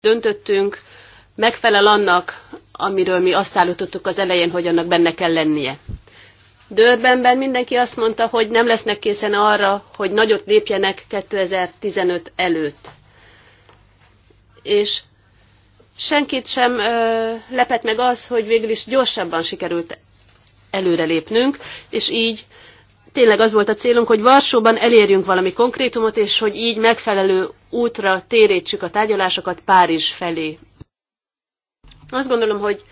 döntöttünk, megfelel annak, amiről mi azt állítottuk az elején, hogy annak benne kell lennie. Dörbenben mindenki azt mondta, hogy nem lesznek készen arra, hogy nagyot lépjenek 2015 előtt. És senkit sem ö, lepett meg az, hogy végül is gyorsabban sikerült előrelépnünk, és így tényleg az volt a célunk, hogy Varsóban elérjünk valami konkrétumot, és hogy így megfelelő útra térítsük a tárgyalásokat Párizs felé. Azt gondolom, hogy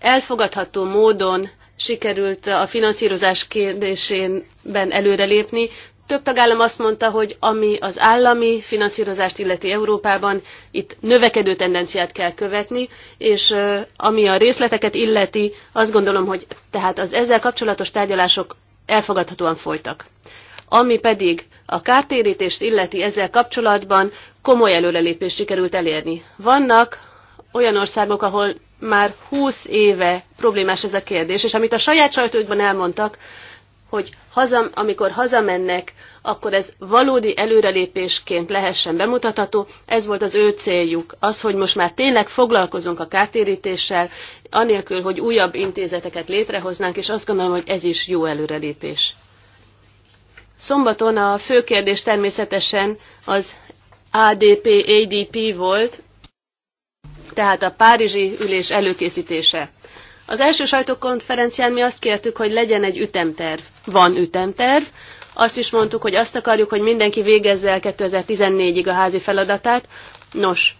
elfogadható módon sikerült a finanszírozás kérdésénben előrelépni. Több tagállam azt mondta, hogy ami az állami finanszírozást illeti Európában, itt növekedő tendenciát kell követni, és ami a részleteket illeti, azt gondolom, hogy tehát az ezzel kapcsolatos tárgyalások elfogadhatóan folytak. Ami pedig a kártérítést illeti ezzel kapcsolatban komoly előrelépést sikerült elérni. Vannak olyan országok, ahol már 20 éve problémás ez a kérdés, és amit a saját sajtóikban elmondtak, hogy hazam, amikor hazamennek, akkor ez valódi előrelépésként lehessen bemutatható. Ez volt az ő céljuk, az, hogy most már tényleg foglalkozunk a kártérítéssel, anélkül, hogy újabb intézeteket létrehoznánk, és azt gondolom, hogy ez is jó előrelépés. Szombaton a fő kérdés természetesen az ADP-ADP volt, tehát a Párizsi ülés előkészítése. Az első sajtókonferencián mi azt kértük, hogy legyen egy ütemterv. Van ütemterv. Azt is mondtuk, hogy azt akarjuk, hogy mindenki végezze el 2014-ig a házi feladatát. Nos,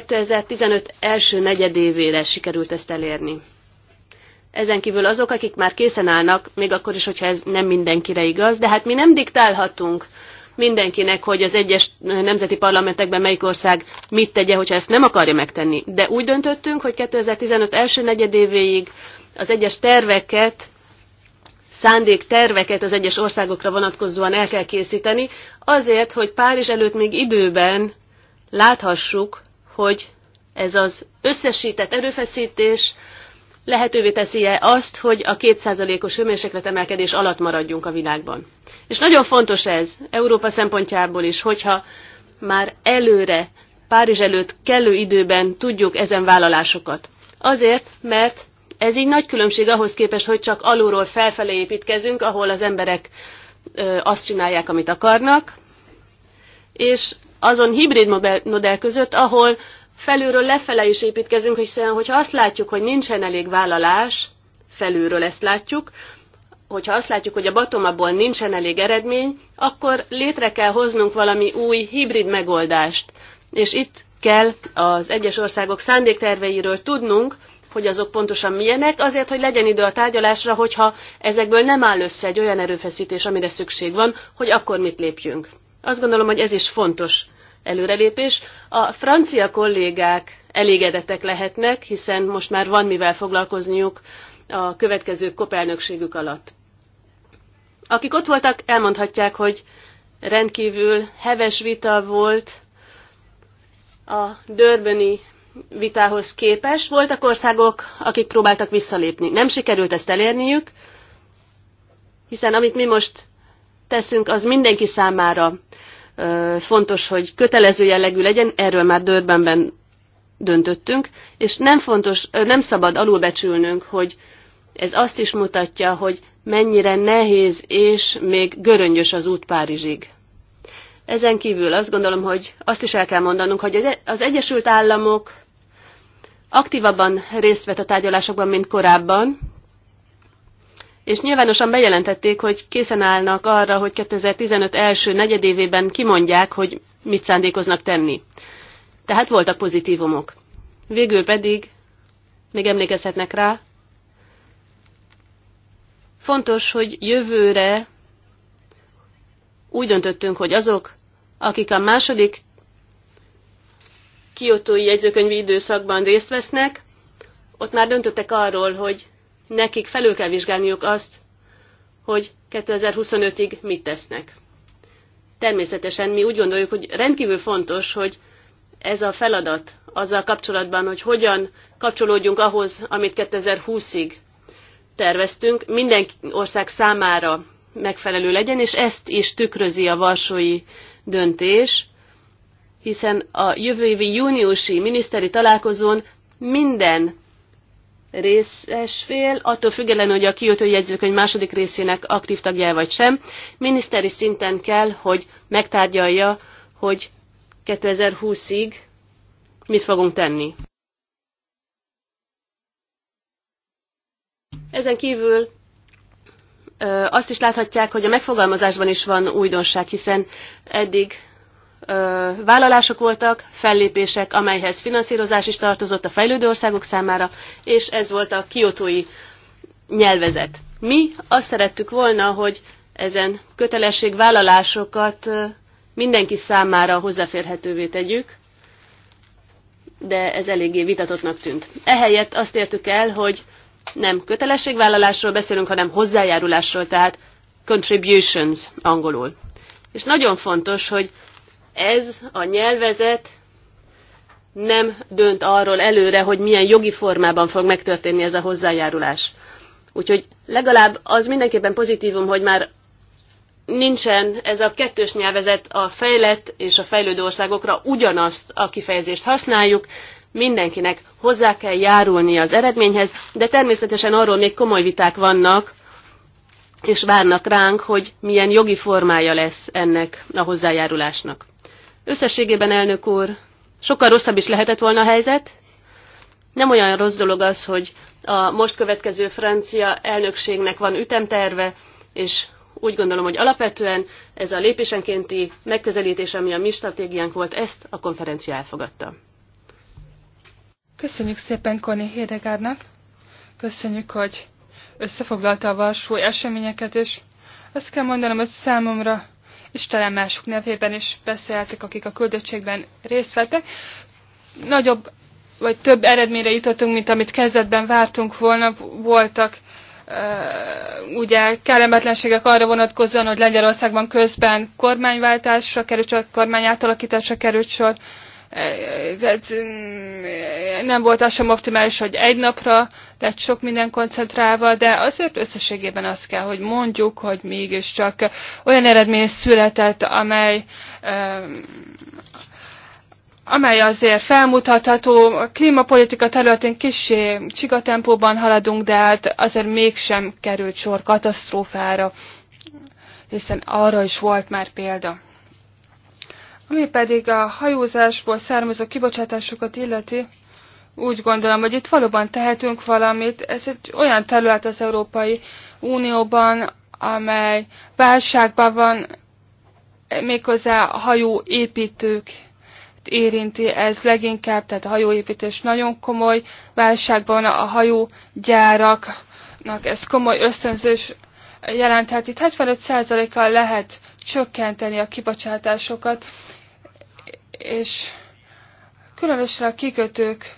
2015 első negyedévére sikerült ezt elérni. Ezen kívül azok, akik már készen állnak, még akkor is, hogyha ez nem mindenkire igaz, de hát mi nem diktálhatunk mindenkinek, hogy az egyes nemzeti parlamentekben melyik ország mit tegye, hogyha ezt nem akarja megtenni. De úgy döntöttünk, hogy 2015 első negyedévéig az egyes terveket, szándék terveket az egyes országokra vonatkozóan el kell készíteni, azért, hogy Párizs előtt még időben láthassuk, hogy ez az összesített erőfeszítés lehetővé teszi-e azt, hogy a kétszázalékos hőmérséklet emelkedés alatt maradjunk a világban. És nagyon fontos ez Európa szempontjából is, hogyha már előre, Párizs előtt kellő időben tudjuk ezen vállalásokat. Azért, mert ez így nagy különbség ahhoz képest, hogy csak alulról felfelé építkezünk, ahol az emberek azt csinálják, amit akarnak, és azon hibrid modell között, ahol felülről lefele is építkezünk, hiszen hogyha azt látjuk, hogy nincsen elég vállalás, felülről ezt látjuk, hogyha azt látjuk, hogy a batomaból nincsen elég eredmény, akkor létre kell hoznunk valami új hibrid megoldást. És itt kell az egyes országok szándékterveiről tudnunk, hogy azok pontosan milyenek, azért, hogy legyen idő a tárgyalásra, hogyha ezekből nem áll össze egy olyan erőfeszítés, amire szükség van, hogy akkor mit lépjünk. Azt gondolom, hogy ez is fontos előrelépés. A francia kollégák elégedettek lehetnek, hiszen most már van mivel foglalkozniuk a következő kopelnökségük alatt. Akik ott voltak, elmondhatják, hogy rendkívül heves vita volt a dörböni vitához képes. Voltak országok, akik próbáltak visszalépni. Nem sikerült ezt elérniük, hiszen amit mi most teszünk, az mindenki számára fontos, hogy kötelező jellegű legyen, erről már Dörbenben döntöttünk, és nem, fontos, nem szabad alulbecsülnünk, hogy ez azt is mutatja, hogy mennyire nehéz és még göröngyös az út Párizsig. Ezen kívül azt gondolom, hogy azt is el kell mondanunk, hogy az e- Egyesült Államok aktívabban részt vett a tárgyalásokban, mint korábban, és nyilvánosan bejelentették, hogy készen állnak arra, hogy 2015 első negyedévében kimondják, hogy mit szándékoznak tenni. Tehát voltak pozitívumok. Végül pedig, még emlékezhetnek rá, fontos, hogy jövőre úgy döntöttünk, hogy azok, akik a második kiotói jegyzőkönyvi időszakban részt vesznek, ott már döntöttek arról, hogy nekik felül kell vizsgálniuk azt, hogy 2025-ig mit tesznek. Természetesen mi úgy gondoljuk, hogy rendkívül fontos, hogy ez a feladat azzal kapcsolatban, hogy hogyan kapcsolódjunk ahhoz, amit 2020-ig terveztünk, minden ország számára megfelelő legyen, és ezt is tükrözi a varsói döntés, hiszen a jövő évi júniusi miniszteri találkozón minden részes fél, attól függetlenül, hogy a kiütő jegyzőkönyv második részének aktív tagja vagy sem, miniszteri szinten kell, hogy megtárgyalja, hogy 2020-ig mit fogunk tenni. Ezen kívül azt is láthatják, hogy a megfogalmazásban is van újdonság, hiszen eddig vállalások voltak, fellépések, amelyhez finanszírozás is tartozott a fejlődő országok számára, és ez volt a kiotói nyelvezet. Mi azt szerettük volna, hogy ezen kötelességvállalásokat mindenki számára hozzáférhetővé tegyük, de ez eléggé vitatottnak tűnt. Ehelyett azt értük el, hogy nem kötelességvállalásról beszélünk, hanem hozzájárulásról, tehát contributions angolul. És nagyon fontos, hogy ez a nyelvezet nem dönt arról előre, hogy milyen jogi formában fog megtörténni ez a hozzájárulás. Úgyhogy legalább az mindenképpen pozitívum, hogy már nincsen ez a kettős nyelvezet a fejlett és a fejlődő országokra ugyanazt a kifejezést használjuk, mindenkinek hozzá kell járulni az eredményhez, de természetesen arról még komoly viták vannak, és várnak ránk, hogy milyen jogi formája lesz ennek a hozzájárulásnak. Összességében, elnök úr, sokkal rosszabb is lehetett volna a helyzet. Nem olyan rossz dolog az, hogy a most következő francia elnökségnek van ütemterve, és úgy gondolom, hogy alapvetően ez a lépésenkénti megközelítés, ami a mi stratégiánk volt, ezt a konferencia elfogadta. Köszönjük szépen Koni Hédegárnak. Köszönjük, hogy összefoglalta a Varsói eseményeket, és azt kell mondanom, hogy számomra és mások nevében is beszéltek, akik a küldöttségben részt vettek. Nagyobb vagy több eredményre jutottunk, mint amit kezdetben vártunk volna. Voltak Uh, ugye kellemetlenségek arra vonatkozóan, hogy Lengyelországban közben kormányváltásra került sor, kormány átalakításra került sor. ez mm, nem volt az sem optimális, hogy egy napra tehát sok minden koncentrálva, de azért összességében azt kell, hogy mondjuk, hogy mégiscsak olyan eredmény született, amely amely azért felmutatható, a klímapolitika területén kicsi csigatempóban haladunk, de hát azért mégsem került sor katasztrófára, hiszen arra is volt már példa. Ami pedig a hajózásból származó kibocsátásokat illeti, úgy gondolom, hogy itt valóban tehetünk valamit. Ez egy olyan terület az Európai Unióban, amely válságban van, méghozzá a hajóépítők érinti ez leginkább, tehát a hajóépítés nagyon komoly válságban, a hajógyáraknak ez komoly ösztönzés Tehát Itt 75%-kal lehet csökkenteni a kibocsátásokat, és különösen a kikötők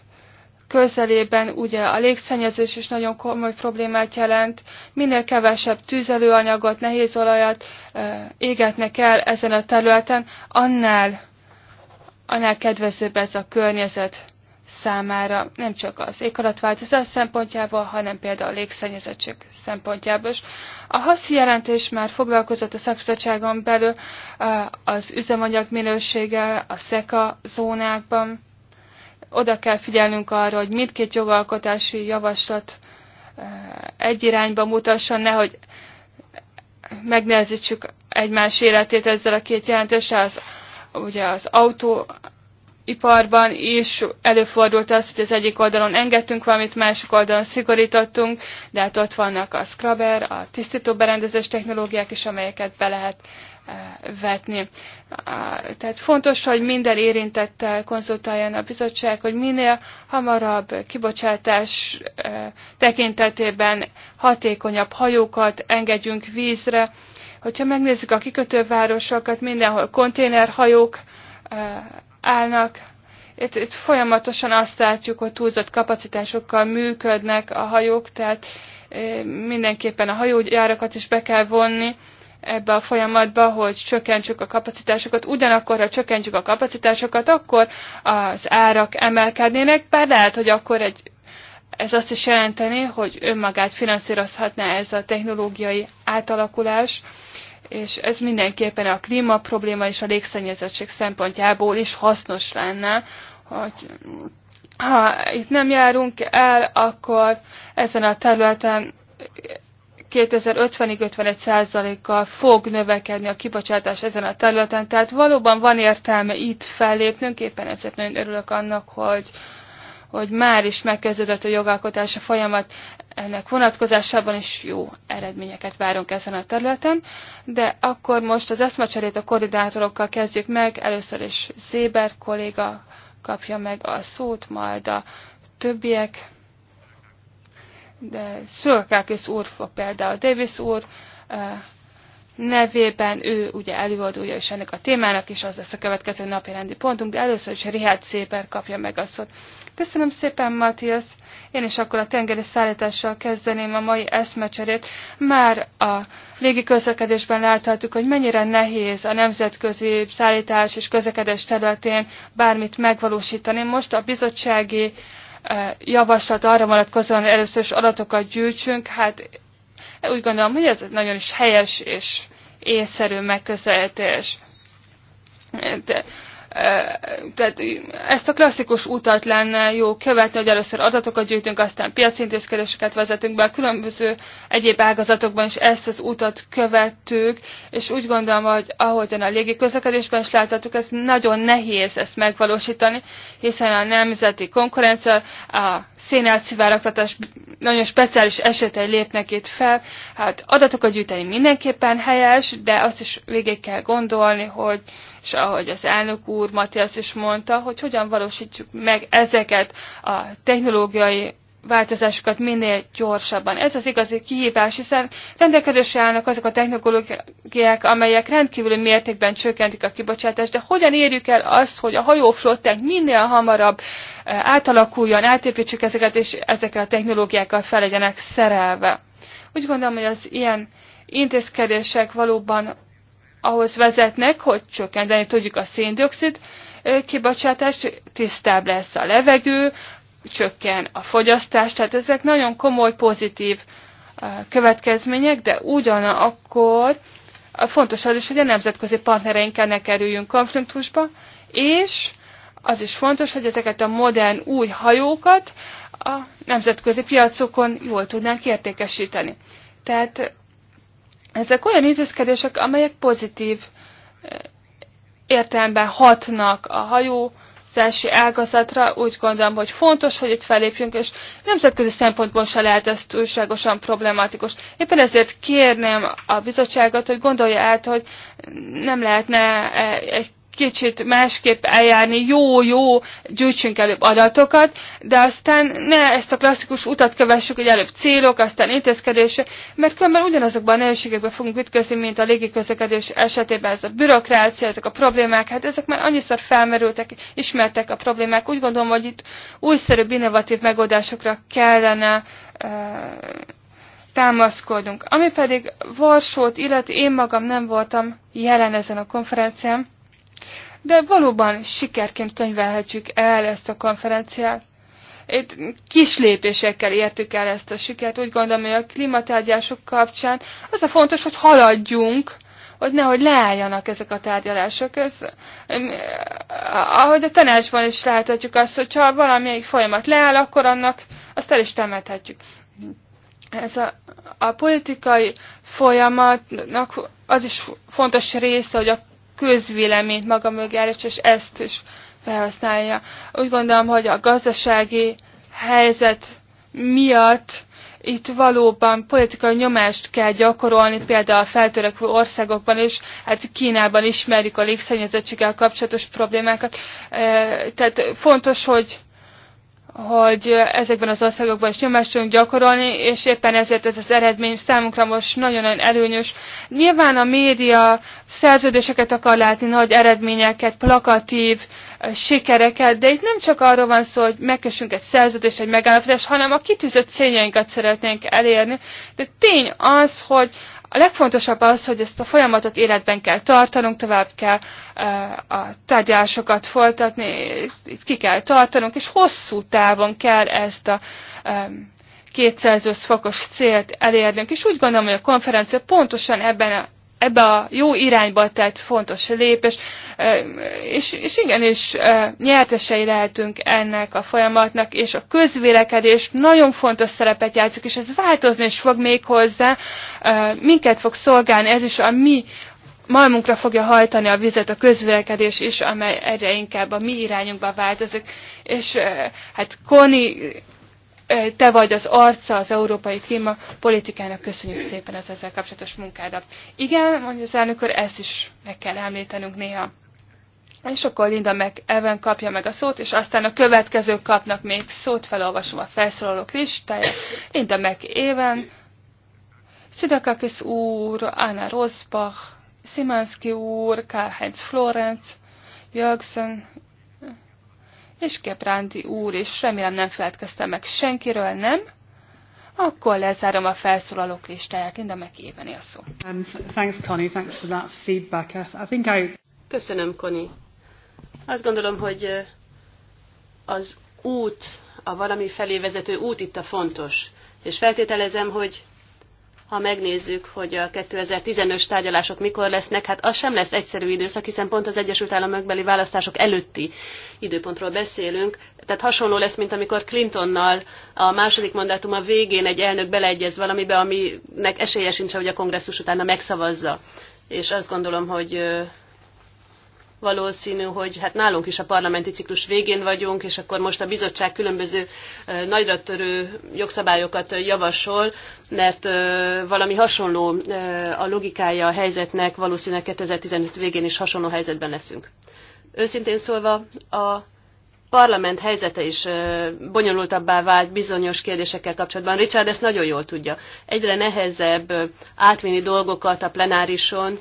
közelében ugye a légszennyezés is nagyon komoly problémát jelent, minél kevesebb tüzelőanyagot, nehéz olajat égetnek el ezen a területen, annál, annál kedvezőbb ez a környezet számára, nem csak az éghajlatváltozás szempontjából, hanem például a légszennyezettség szempontjából is. A HASZI jelentés már foglalkozott a szakbizottságon belül az üzemanyag minősége a SZEKA zónákban, oda kell figyelnünk arra, hogy mindkét jogalkotási javaslat eh, egy irányba mutasson, nehogy megnehezítsük egymás életét ezzel a két jelentéssel. Az, ugye az autóiparban is előfordult az, hogy az egyik oldalon engedtünk valamit, másik oldalon szigorítottunk, de hát ott vannak a scrubber, a tisztító berendezés technológiák is, amelyeket be lehet vetni. Tehát fontos, hogy minden érintettel konzultáljon a bizottság, hogy minél hamarabb kibocsátás tekintetében hatékonyabb hajókat engedjünk vízre. Hogyha megnézzük a kikötővárosokat, mindenhol konténerhajók állnak. Itt, itt folyamatosan azt látjuk, hogy túlzott kapacitásokkal működnek a hajók, tehát mindenképpen a hajógyárakat is be kell vonni ebbe a folyamatba, hogy csökkentsük a kapacitásokat. Ugyanakkor, ha csökkentjük a kapacitásokat, akkor az árak emelkednének, bár lehet, hogy akkor egy, ez azt is jelenteni, hogy önmagát finanszírozhatná ez a technológiai átalakulás, és ez mindenképpen a klíma probléma és a légszennyezettség szempontjából is hasznos lenne, hogy ha itt nem járunk el, akkor ezen a területen 2050-ig 51 kal fog növekedni a kibocsátás ezen a területen, tehát valóban van értelme itt fellépnünk, éppen ezért nagyon örülök annak, hogy, hogy már is megkezdődött a jogalkotása folyamat ennek vonatkozásában, is jó eredményeket várunk ezen a területen. De akkor most az eszmecserét a koordinátorokkal kezdjük meg, először is Zéber kolléga kapja meg a szót, majd a többiek de Szolkákis úr például Davis úr eh, nevében, ő ugye előadója is ennek a témának, és az lesz a következő napi rendi pontunk, de először is Rihát Széper kapja meg a szót. Köszönöm szépen, Matthias! Én is akkor a tengeri szállítással kezdeném a mai eszmecserét. Már a légi közlekedésben láthattuk, hogy mennyire nehéz a nemzetközi szállítás és közlekedés területén bármit megvalósítani. Most a bizottsági uh, javaslat arra vonatkozóan először is adatokat gyűjtsünk, hát úgy gondolom, hogy ez nagyon is helyes és észszerű megközelítés. De tehát ezt a klasszikus utat lenne jó követni, hogy először adatokat gyűjtünk, aztán piacintézkedéseket vezetünk be, a különböző egyéb ágazatokban is ezt az utat követtük, és úgy gondolom, hogy ahogyan a légi közlekedésben is láthatjuk, ez nagyon nehéz ezt megvalósítani, hiszen a nemzeti konkurencia, a szénátszivárogtatás nagyon speciális esetei lépnek itt fel. Hát adatokat gyűjteni mindenképpen helyes, de azt is végig kell gondolni, hogy és ahogy az elnök úr Matthias is mondta, hogy hogyan valósítjuk meg ezeket a technológiai változásokat minél gyorsabban. Ez az igazi kihívás, hiszen rendelkezésre állnak azok a technológiák, amelyek rendkívüli mértékben csökkentik a kibocsátást, de hogyan érjük el azt, hogy a hajóflották minél hamarabb eh, átalakuljon, átépítsük ezeket, és ezekkel a technológiákkal fel legyenek szerelve. Úgy gondolom, hogy az ilyen intézkedések valóban ahhoz vezetnek, hogy csökkenteni tudjuk a széndiokszid kibocsátást, tisztább lesz a levegő, csökken a fogyasztás, tehát ezek nagyon komoly pozitív következmények, de ugyanakkor fontos az is, hogy a nemzetközi partnereinkkel ne kerüljünk konfliktusba, és az is fontos, hogy ezeket a modern új hajókat a nemzetközi piacokon jól tudnánk értékesíteni. Tehát ezek olyan intézkedések, amelyek pozitív értelemben hatnak a hajó, kutatási ágazatra úgy gondolom, hogy fontos, hogy itt felépjünk, és nemzetközi szempontból se lehet ez túlságosan problematikus. Éppen ezért kérném a bizottságot, hogy gondolja át, hogy nem lehetne egy kicsit másképp eljárni, jó-jó, gyűjtsünk előbb adatokat, de aztán ne ezt a klasszikus utat kövessük, hogy előbb célok, aztán intézkedése, mert különben ugyanazokban a nehézségekben fogunk ütközni, mint a légiközlekedés esetében ez a bürokrácia, ezek a problémák, hát ezek már annyiszor felmerültek, ismertek a problémák. Úgy gondolom, hogy itt újszerűbb, innovatív megoldásokra kellene uh, támaszkodunk. Ami pedig Varsót illeti, én magam nem voltam jelen ezen a konferencián, de valóban sikerként könyvelhetjük el ezt a konferenciát. Itt kis lépésekkel értük el ezt a sikert. Úgy gondolom, hogy a klimatárgyások kapcsán az a fontos, hogy haladjunk, hogy nehogy leálljanak ezek a tárgyalások. Ez, ahogy a tanácsban is láthatjuk azt, hogy ha valamelyik folyamat leáll, akkor annak azt el is temethetjük. Ez a, a politikai folyamatnak az is fontos része, hogy a közvéleményt maga mögé állítsa, és ezt is felhasználja. Úgy gondolom, hogy a gazdasági helyzet miatt itt valóban politikai nyomást kell gyakorolni, például a feltörekvő országokban is, hát Kínában ismerik a légszennyezettséggel kapcsolatos problémákat. Tehát fontos, hogy hogy ezekben az országokban is nyomást tudunk gyakorolni, és éppen ezért ez az eredmény számunkra most nagyon-nagyon előnyös. Nyilván a média szerződéseket akar látni, nagy eredményeket, plakatív eh, sikereket, de itt nem csak arról van szó, hogy megkössünk egy szerződést, egy megállapodást, hanem a kitűzött céljainkat szeretnénk elérni. De tény az, hogy a legfontosabb az, hogy ezt a folyamatot életben kell tartanunk, tovább kell a tárgyalásokat folytatni, ki kell tartanunk, és hosszú távon kell ezt a 200 fokos célt elérnünk, és úgy gondolom, hogy a konferencia pontosan ebben a ebbe a jó irányba tett fontos lépés, és, és igenis nyertesei lehetünk ennek a folyamatnak, és a közvélekedés nagyon fontos szerepet játszik, és ez változni is fog még hozzá, minket fog szolgálni, ez is a mi malmunkra fogja hajtani a vizet a közvélekedés is, amely egyre inkább a mi irányunkba változik. És hát Koni te vagy az arca az európai klímapolitikának, köszönjük szépen az ezzel kapcsolatos munkádat. Igen, mondja az elnök ezt is meg kell említenünk néha. És akkor Linda meg Evan kapja meg a szót, és aztán a következők kapnak még szót, felolvasom a felszólalók listáját. Linda meg Evan, Szidakakis úr, Anna Rosbach, Szimanszki úr, Karl-Heinz Florenz, Jörgsen és Kepránti úr, és remélem nem feledkeztem meg senkiről, nem? Akkor lezárom a felszólalók listáját, de meg éveni a szó. Um, thanks, Connie, thanks for that feedback. I think I... Köszönöm, Connie. Azt gondolom, hogy az út, a valami felé vezető út itt a fontos. És feltételezem, hogy ha megnézzük, hogy a 2015-ös tárgyalások mikor lesznek, hát az sem lesz egyszerű időszak, hiszen pont az Egyesült Államokbeli választások előtti időpontról beszélünk. Tehát hasonló lesz, mint amikor Clintonnal a második mandátum a végén egy elnök beleegyez valamibe, aminek esélye sincs, hogy a kongresszus utána megszavazza. És azt gondolom, hogy valószínű, hogy hát nálunk is a parlamenti ciklus végén vagyunk, és akkor most a bizottság különböző nagyra törő jogszabályokat javasol, mert valami hasonló a logikája a helyzetnek, valószínűleg 2015 végén is hasonló helyzetben leszünk. Őszintén szólva, a parlament helyzete is bonyolultabbá vált bizonyos kérdésekkel kapcsolatban. Richard ezt nagyon jól tudja. Egyre nehezebb átvinni dolgokat a plenárison,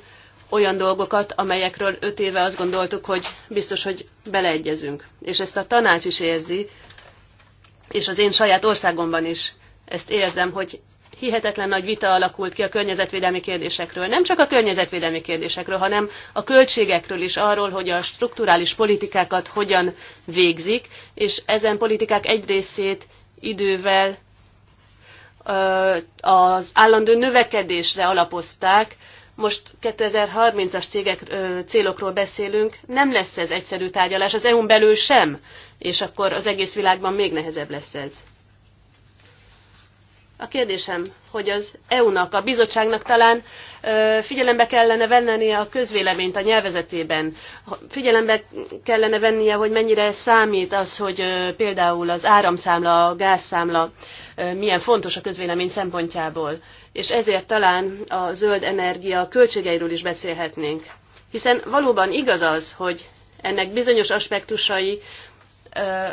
olyan dolgokat, amelyekről öt éve azt gondoltuk, hogy biztos, hogy beleegyezünk. És ezt a tanács is érzi, és az én saját országomban is ezt érzem, hogy hihetetlen nagy vita alakult ki a környezetvédelmi kérdésekről. Nem csak a környezetvédelmi kérdésekről, hanem a költségekről is, arról, hogy a strukturális politikákat hogyan végzik, és ezen politikák egy részét idővel az állandó növekedésre alapozták, most 2030-as cégek ö, célokról beszélünk, nem lesz ez egyszerű tárgyalás, az EU-n belül sem, és akkor az egész világban még nehezebb lesz ez. A kérdésem, hogy az EU-nak, a bizottságnak talán ö, figyelembe kellene vennie a közvéleményt a nyelvezetében. Figyelembe kellene vennie, hogy mennyire számít az, hogy ö, például az áramszámla, a gázszámla ö, milyen fontos a közvélemény szempontjából és ezért talán a zöld energia költségeiről is beszélhetnénk. Hiszen valóban igaz az, hogy ennek bizonyos aspektusai ö,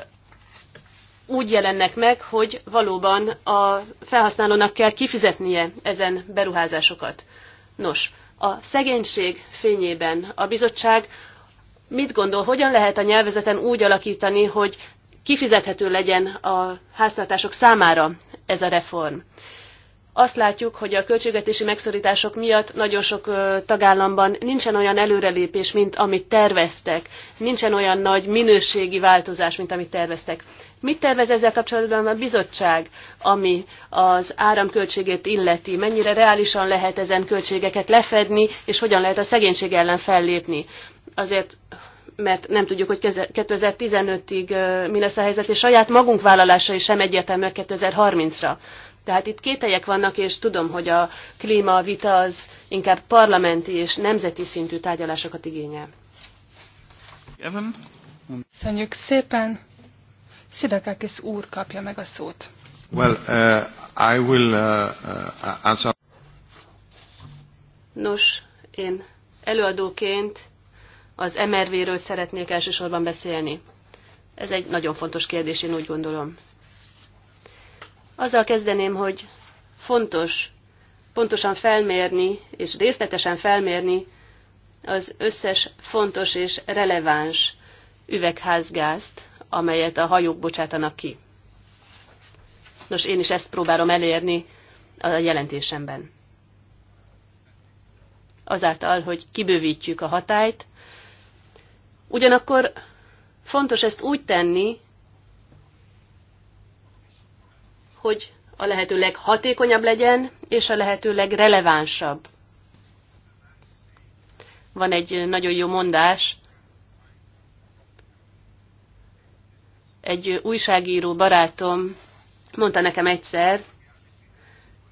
úgy jelennek meg, hogy valóban a felhasználónak kell kifizetnie ezen beruházásokat. Nos, a szegénység fényében a bizottság mit gondol, hogyan lehet a nyelvezeten úgy alakítani, hogy kifizethető legyen a háztartások számára ez a reform? azt látjuk, hogy a költségvetési megszorítások miatt nagyon sok tagállamban nincsen olyan előrelépés, mint amit terveztek. Nincsen olyan nagy minőségi változás, mint amit terveztek. Mit tervez ezzel kapcsolatban a bizottság, ami az áramköltségét illeti? Mennyire reálisan lehet ezen költségeket lefedni, és hogyan lehet a szegénység ellen fellépni? Azért mert nem tudjuk, hogy 2015-ig mi lesz a helyzet, és saját magunk vállalása is sem egyértelműek 2030-ra. Tehát itt kételyek vannak, és tudom, hogy a klímavita az inkább parlamenti és nemzeti szintű tárgyalásokat igényel. Evan. Köszönjük szépen. Szidakákész úr kapja meg a szót. Well, uh, I will uh, uh answer. Nos, én előadóként az MRV-ről szeretnék elsősorban beszélni. Ez egy nagyon fontos kérdés, én úgy gondolom. Azzal kezdeném, hogy fontos pontosan felmérni és részletesen felmérni az összes fontos és releváns üvegházgázt, amelyet a hajók bocsátanak ki. Nos, én is ezt próbálom elérni a jelentésemben. Azáltal, hogy kibővítjük a hatályt, ugyanakkor fontos ezt úgy tenni, hogy a lehető leghatékonyabb legyen, és a lehető legrelevánsabb. Van egy nagyon jó mondás, egy újságíró barátom mondta nekem egyszer,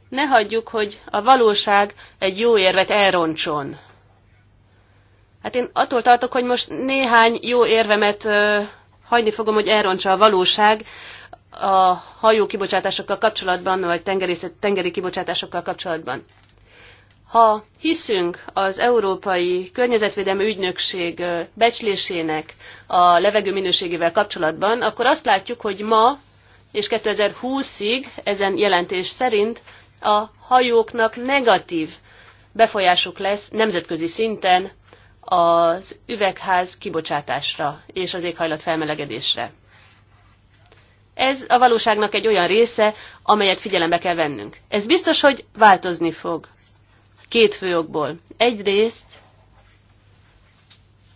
ne hagyjuk, hogy a valóság egy jó érvet elroncson. Hát én attól tartok, hogy most néhány jó érvemet ö, hagyni fogom, hogy elrontsa a valóság, a hajó kibocsátásokkal kapcsolatban, vagy tengerészet, tengeri kibocsátásokkal kapcsolatban. Ha hiszünk az Európai Környezetvédelmi Ügynökség becslésének a levegő minőségével kapcsolatban, akkor azt látjuk, hogy ma és 2020-ig ezen jelentés szerint a hajóknak negatív befolyásuk lesz nemzetközi szinten az üvegház kibocsátásra és az éghajlat felmelegedésre. Ez a valóságnak egy olyan része, amelyet figyelembe kell vennünk. Ez biztos, hogy változni fog. Két okból. Egyrészt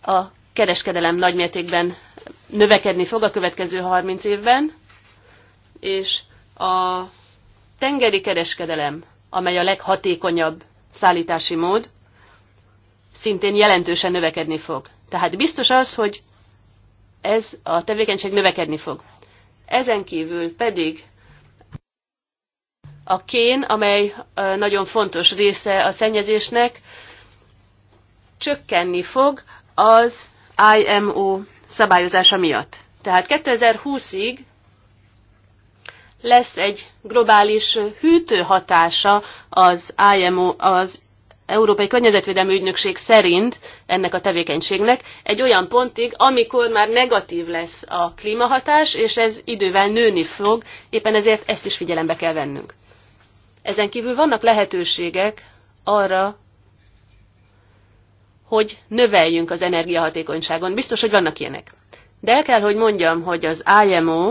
a kereskedelem nagymértékben növekedni fog a következő 30 évben, és a tengeri kereskedelem, amely a leghatékonyabb szállítási mód, szintén jelentősen növekedni fog. Tehát biztos az, hogy ez a tevékenység növekedni fog. Ezen kívül pedig a kén, amely nagyon fontos része a szennyezésnek, csökkenni fog az IMO szabályozása miatt. Tehát 2020-ig lesz egy globális hűtő hatása az, IMO, az Európai Környezetvédelmi Ügynökség szerint ennek a tevékenységnek egy olyan pontig, amikor már negatív lesz a klímahatás, és ez idővel nőni fog, éppen ezért ezt is figyelembe kell vennünk. Ezen kívül vannak lehetőségek arra, hogy növeljünk az energiahatékonyságon. Biztos, hogy vannak ilyenek. De el kell, hogy mondjam, hogy az IMO,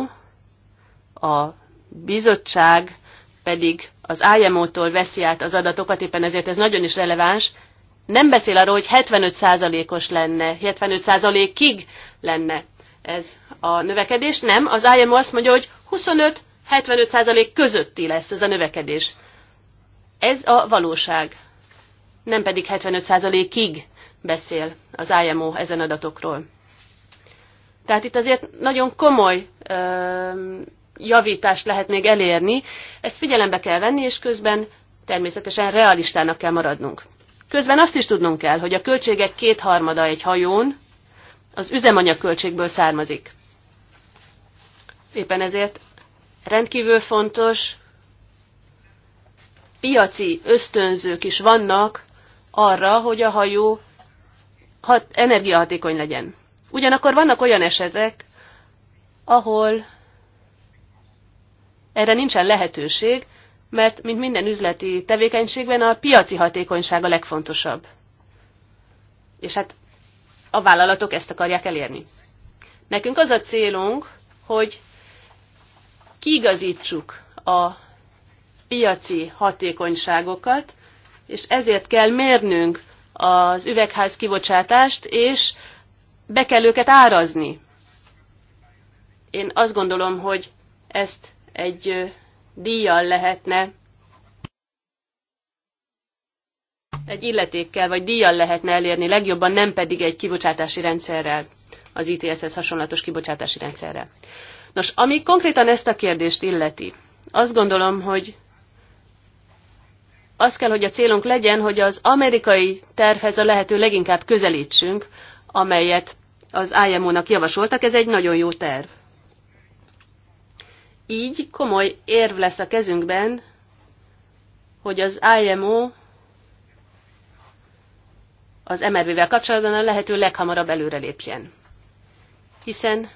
a bizottság pedig az IMO-tól veszi át az adatokat, éppen ezért ez nagyon is releváns, nem beszél arról, hogy 75%-os lenne, 75%-ig lenne ez a növekedés. Nem, az IMO azt mondja, hogy 25-75% közötti lesz ez a növekedés. Ez a valóság. Nem pedig 75%-ig beszél az IMO ezen adatokról. Tehát itt azért nagyon komoly ö, javítást lehet még elérni, ezt figyelembe kell venni, és közben természetesen realistának kell maradnunk. Közben azt is tudnunk kell, hogy a költségek kétharmada egy hajón az üzemanyagköltségből származik. Éppen ezért rendkívül fontos piaci ösztönzők is vannak arra, hogy a hajó energiahatékony legyen. Ugyanakkor vannak olyan esetek, ahol erre nincsen lehetőség, mert mint minden üzleti tevékenységben a piaci hatékonyság a legfontosabb. És hát a vállalatok ezt akarják elérni. Nekünk az a célunk, hogy kiigazítsuk a piaci hatékonyságokat, és ezért kell mérnünk az üvegház kibocsátást, és be kell őket árazni. Én azt gondolom, hogy ezt egy díjjal lehetne, egy illetékkel vagy díjjal lehetne elérni, legjobban nem pedig egy kibocsátási rendszerrel, az ITS-hez hasonlatos kibocsátási rendszerrel. Nos, ami konkrétan ezt a kérdést illeti, azt gondolom, hogy az kell, hogy a célunk legyen, hogy az amerikai tervhez a lehető leginkább közelítsünk, amelyet az IMO-nak javasoltak. Ez egy nagyon jó terv. Így komoly érv lesz a kezünkben, hogy az IMO az MRV-vel kapcsolatban a lehető leghamarabb előrelépjen. Hiszen,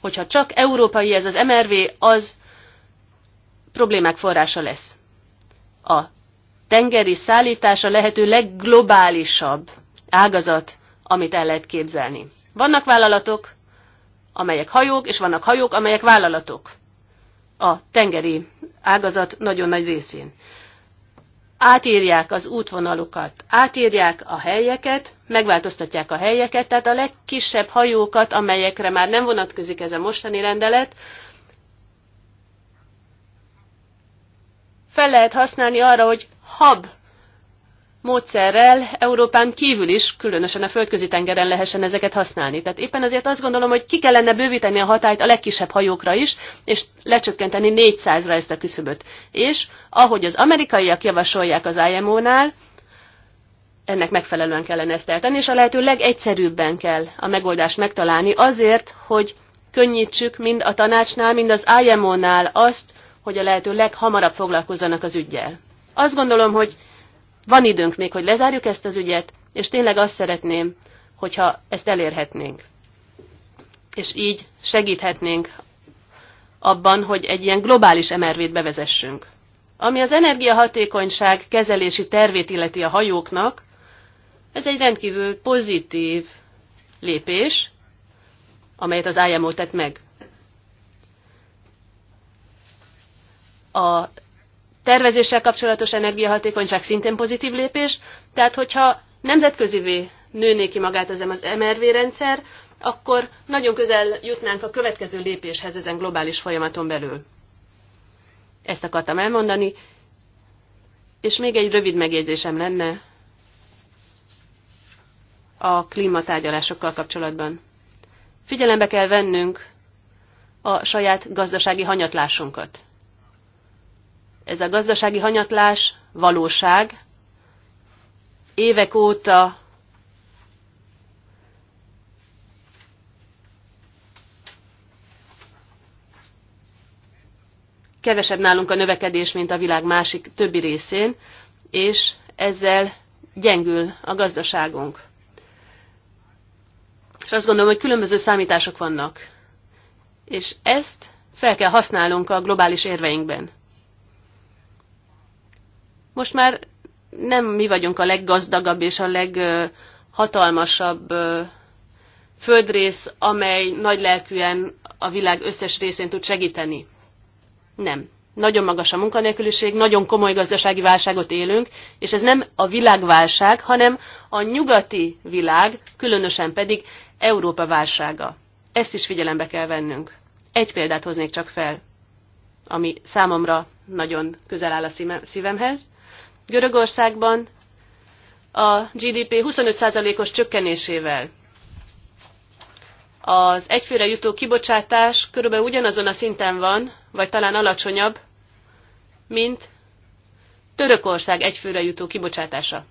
hogyha csak európai ez az MRV, az problémák forrása lesz. A tengeri szállítás a lehető legglobálisabb ágazat, amit el lehet képzelni. Vannak vállalatok, amelyek hajók, és vannak hajók, amelyek vállalatok a tengeri ágazat nagyon nagy részén. Átírják az útvonalukat, átírják a helyeket, megváltoztatják a helyeket, tehát a legkisebb hajókat, amelyekre már nem vonatkozik ez a mostani rendelet, fel lehet használni arra, hogy hab módszerrel Európán kívül is, különösen a földközi tengeren lehessen ezeket használni. Tehát éppen azért azt gondolom, hogy ki kellene bővíteni a hatályt a legkisebb hajókra is, és lecsökkenteni 400-ra ezt a küszöböt. És ahogy az amerikaiak javasolják az IMO-nál, ennek megfelelően kellene ezt eltenni, és a lehető legegyszerűbben kell a megoldást megtalálni azért, hogy könnyítsük mind a tanácsnál, mind az IMO-nál azt, hogy a lehető leghamarabb foglalkozzanak az ügyjel. Azt gondolom, hogy van időnk még, hogy lezárjuk ezt az ügyet, és tényleg azt szeretném, hogyha ezt elérhetnénk. És így segíthetnénk abban, hogy egy ilyen globális MRV-t bevezessünk. Ami az energiahatékonyság kezelési tervét illeti a hajóknak, ez egy rendkívül pozitív lépés, amelyet az IMO tett meg. A tervezéssel kapcsolatos energiahatékonyság szintén pozitív lépés, tehát hogyha nemzetközivé nőné ki magát az MRV rendszer, akkor nagyon közel jutnánk a következő lépéshez ezen globális folyamaton belül. Ezt akartam elmondani, és még egy rövid megjegyzésem lenne a klímatárgyalásokkal kapcsolatban. Figyelembe kell vennünk a saját gazdasági hanyatlásunkat. Ez a gazdasági hanyatlás valóság. Évek óta kevesebb nálunk a növekedés, mint a világ másik többi részén, és ezzel gyengül a gazdaságunk. És azt gondolom, hogy különböző számítások vannak. És ezt fel kell használnunk a globális érveinkben. Most már nem mi vagyunk a leggazdagabb és a leghatalmasabb földrész, amely nagy lelkűen a világ összes részén tud segíteni. Nem. Nagyon magas a munkanélküliség, nagyon komoly gazdasági válságot élünk, és ez nem a világválság, hanem a nyugati világ, különösen pedig Európa válsága. Ezt is figyelembe kell vennünk. Egy példát hoznék csak fel, ami számomra nagyon közel áll a szívemhez. Görögországban a GDP 25%-os csökkenésével. Az egyfőre jutó kibocsátás körülbelül ugyanazon a szinten van, vagy talán alacsonyabb, mint Törökország egyfőre jutó kibocsátása.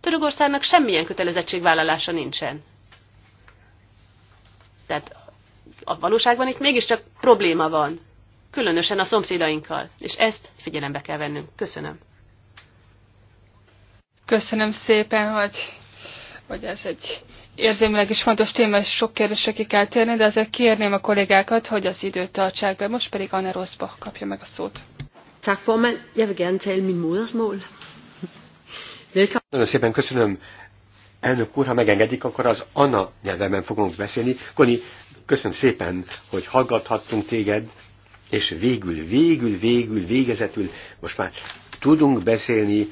Törökországnak semmilyen kötelezettségvállalása nincsen. Tehát a valóságban itt mégiscsak probléma van, különösen a szomszédainkkal, és ezt figyelembe kell vennünk. Köszönöm. Köszönöm szépen, hogy, hogy ez egy érzémileg is fontos téma, és sok kérdésre ki kell térni, de azért kérném a kollégákat, hogy az időt tartsák be. Most pedig Anna Rosbach kapja meg a szót. Tak formand. Jeg vil gerne tale min modersmål. Nagyon szépen köszönöm. Elnök úr, ha megengedik, akkor az Anna nyelvemen fogunk beszélni. Koni, köszönöm szépen, hogy hallgathattunk téged, és végül, végül, végül, végezetül most már tudunk beszélni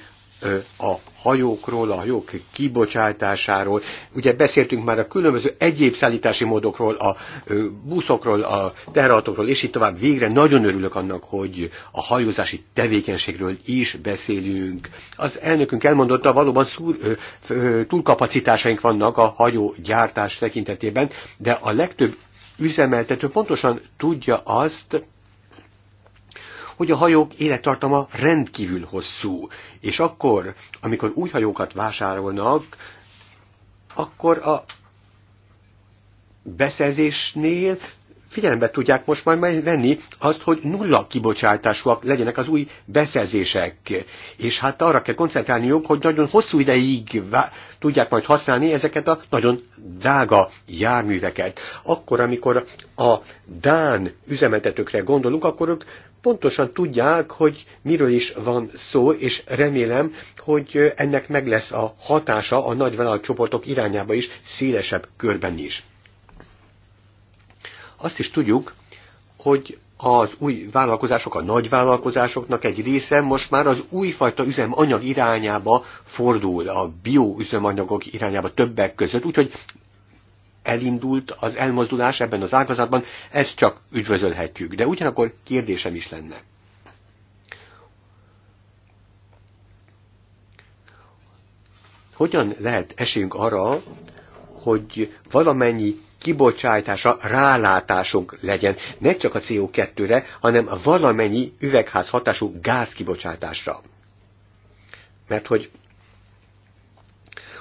a hajókról, a hajók kibocsátásáról. Ugye beszéltünk már a különböző egyéb szállítási módokról, a buszokról, a teherautókról, és így tovább. Végre nagyon örülök annak, hogy a hajózási tevékenységről is beszélünk. Az elnökünk elmondotta, valóban szúr, túlkapacitásaink vannak a hajógyártás tekintetében, de a legtöbb üzemeltető pontosan tudja azt, hogy a hajók élettartama rendkívül hosszú, és akkor, amikor új hajókat vásárolnak, akkor a beszerzésnél figyelembe tudják most majd, venni azt, hogy nulla kibocsátásúak legyenek az új beszerzések. És hát arra kell koncentrálniuk, hogy nagyon hosszú ideig tudják majd használni ezeket a nagyon drága járműveket. Akkor, amikor a Dán üzemeltetőkre gondolunk, akkor ők pontosan tudják, hogy miről is van szó, és remélem, hogy ennek meg lesz a hatása a nagyvállalatcsoportok irányába is, szélesebb körben is. Azt is tudjuk, hogy az új vállalkozások, a nagy vállalkozásoknak egy része most már az újfajta üzemanyag irányába fordul, a bioüzemanyagok irányába többek között, úgyhogy elindult az elmozdulás ebben az ágazatban, ezt csak üdvözölhetjük. De ugyanakkor kérdésem is lenne. Hogyan lehet esélyünk arra, hogy valamennyi kibocsátása rálátásunk legyen, ne csak a CO2-re, hanem a valamennyi üvegház hatású gáz kibocsátásra, Mert hogy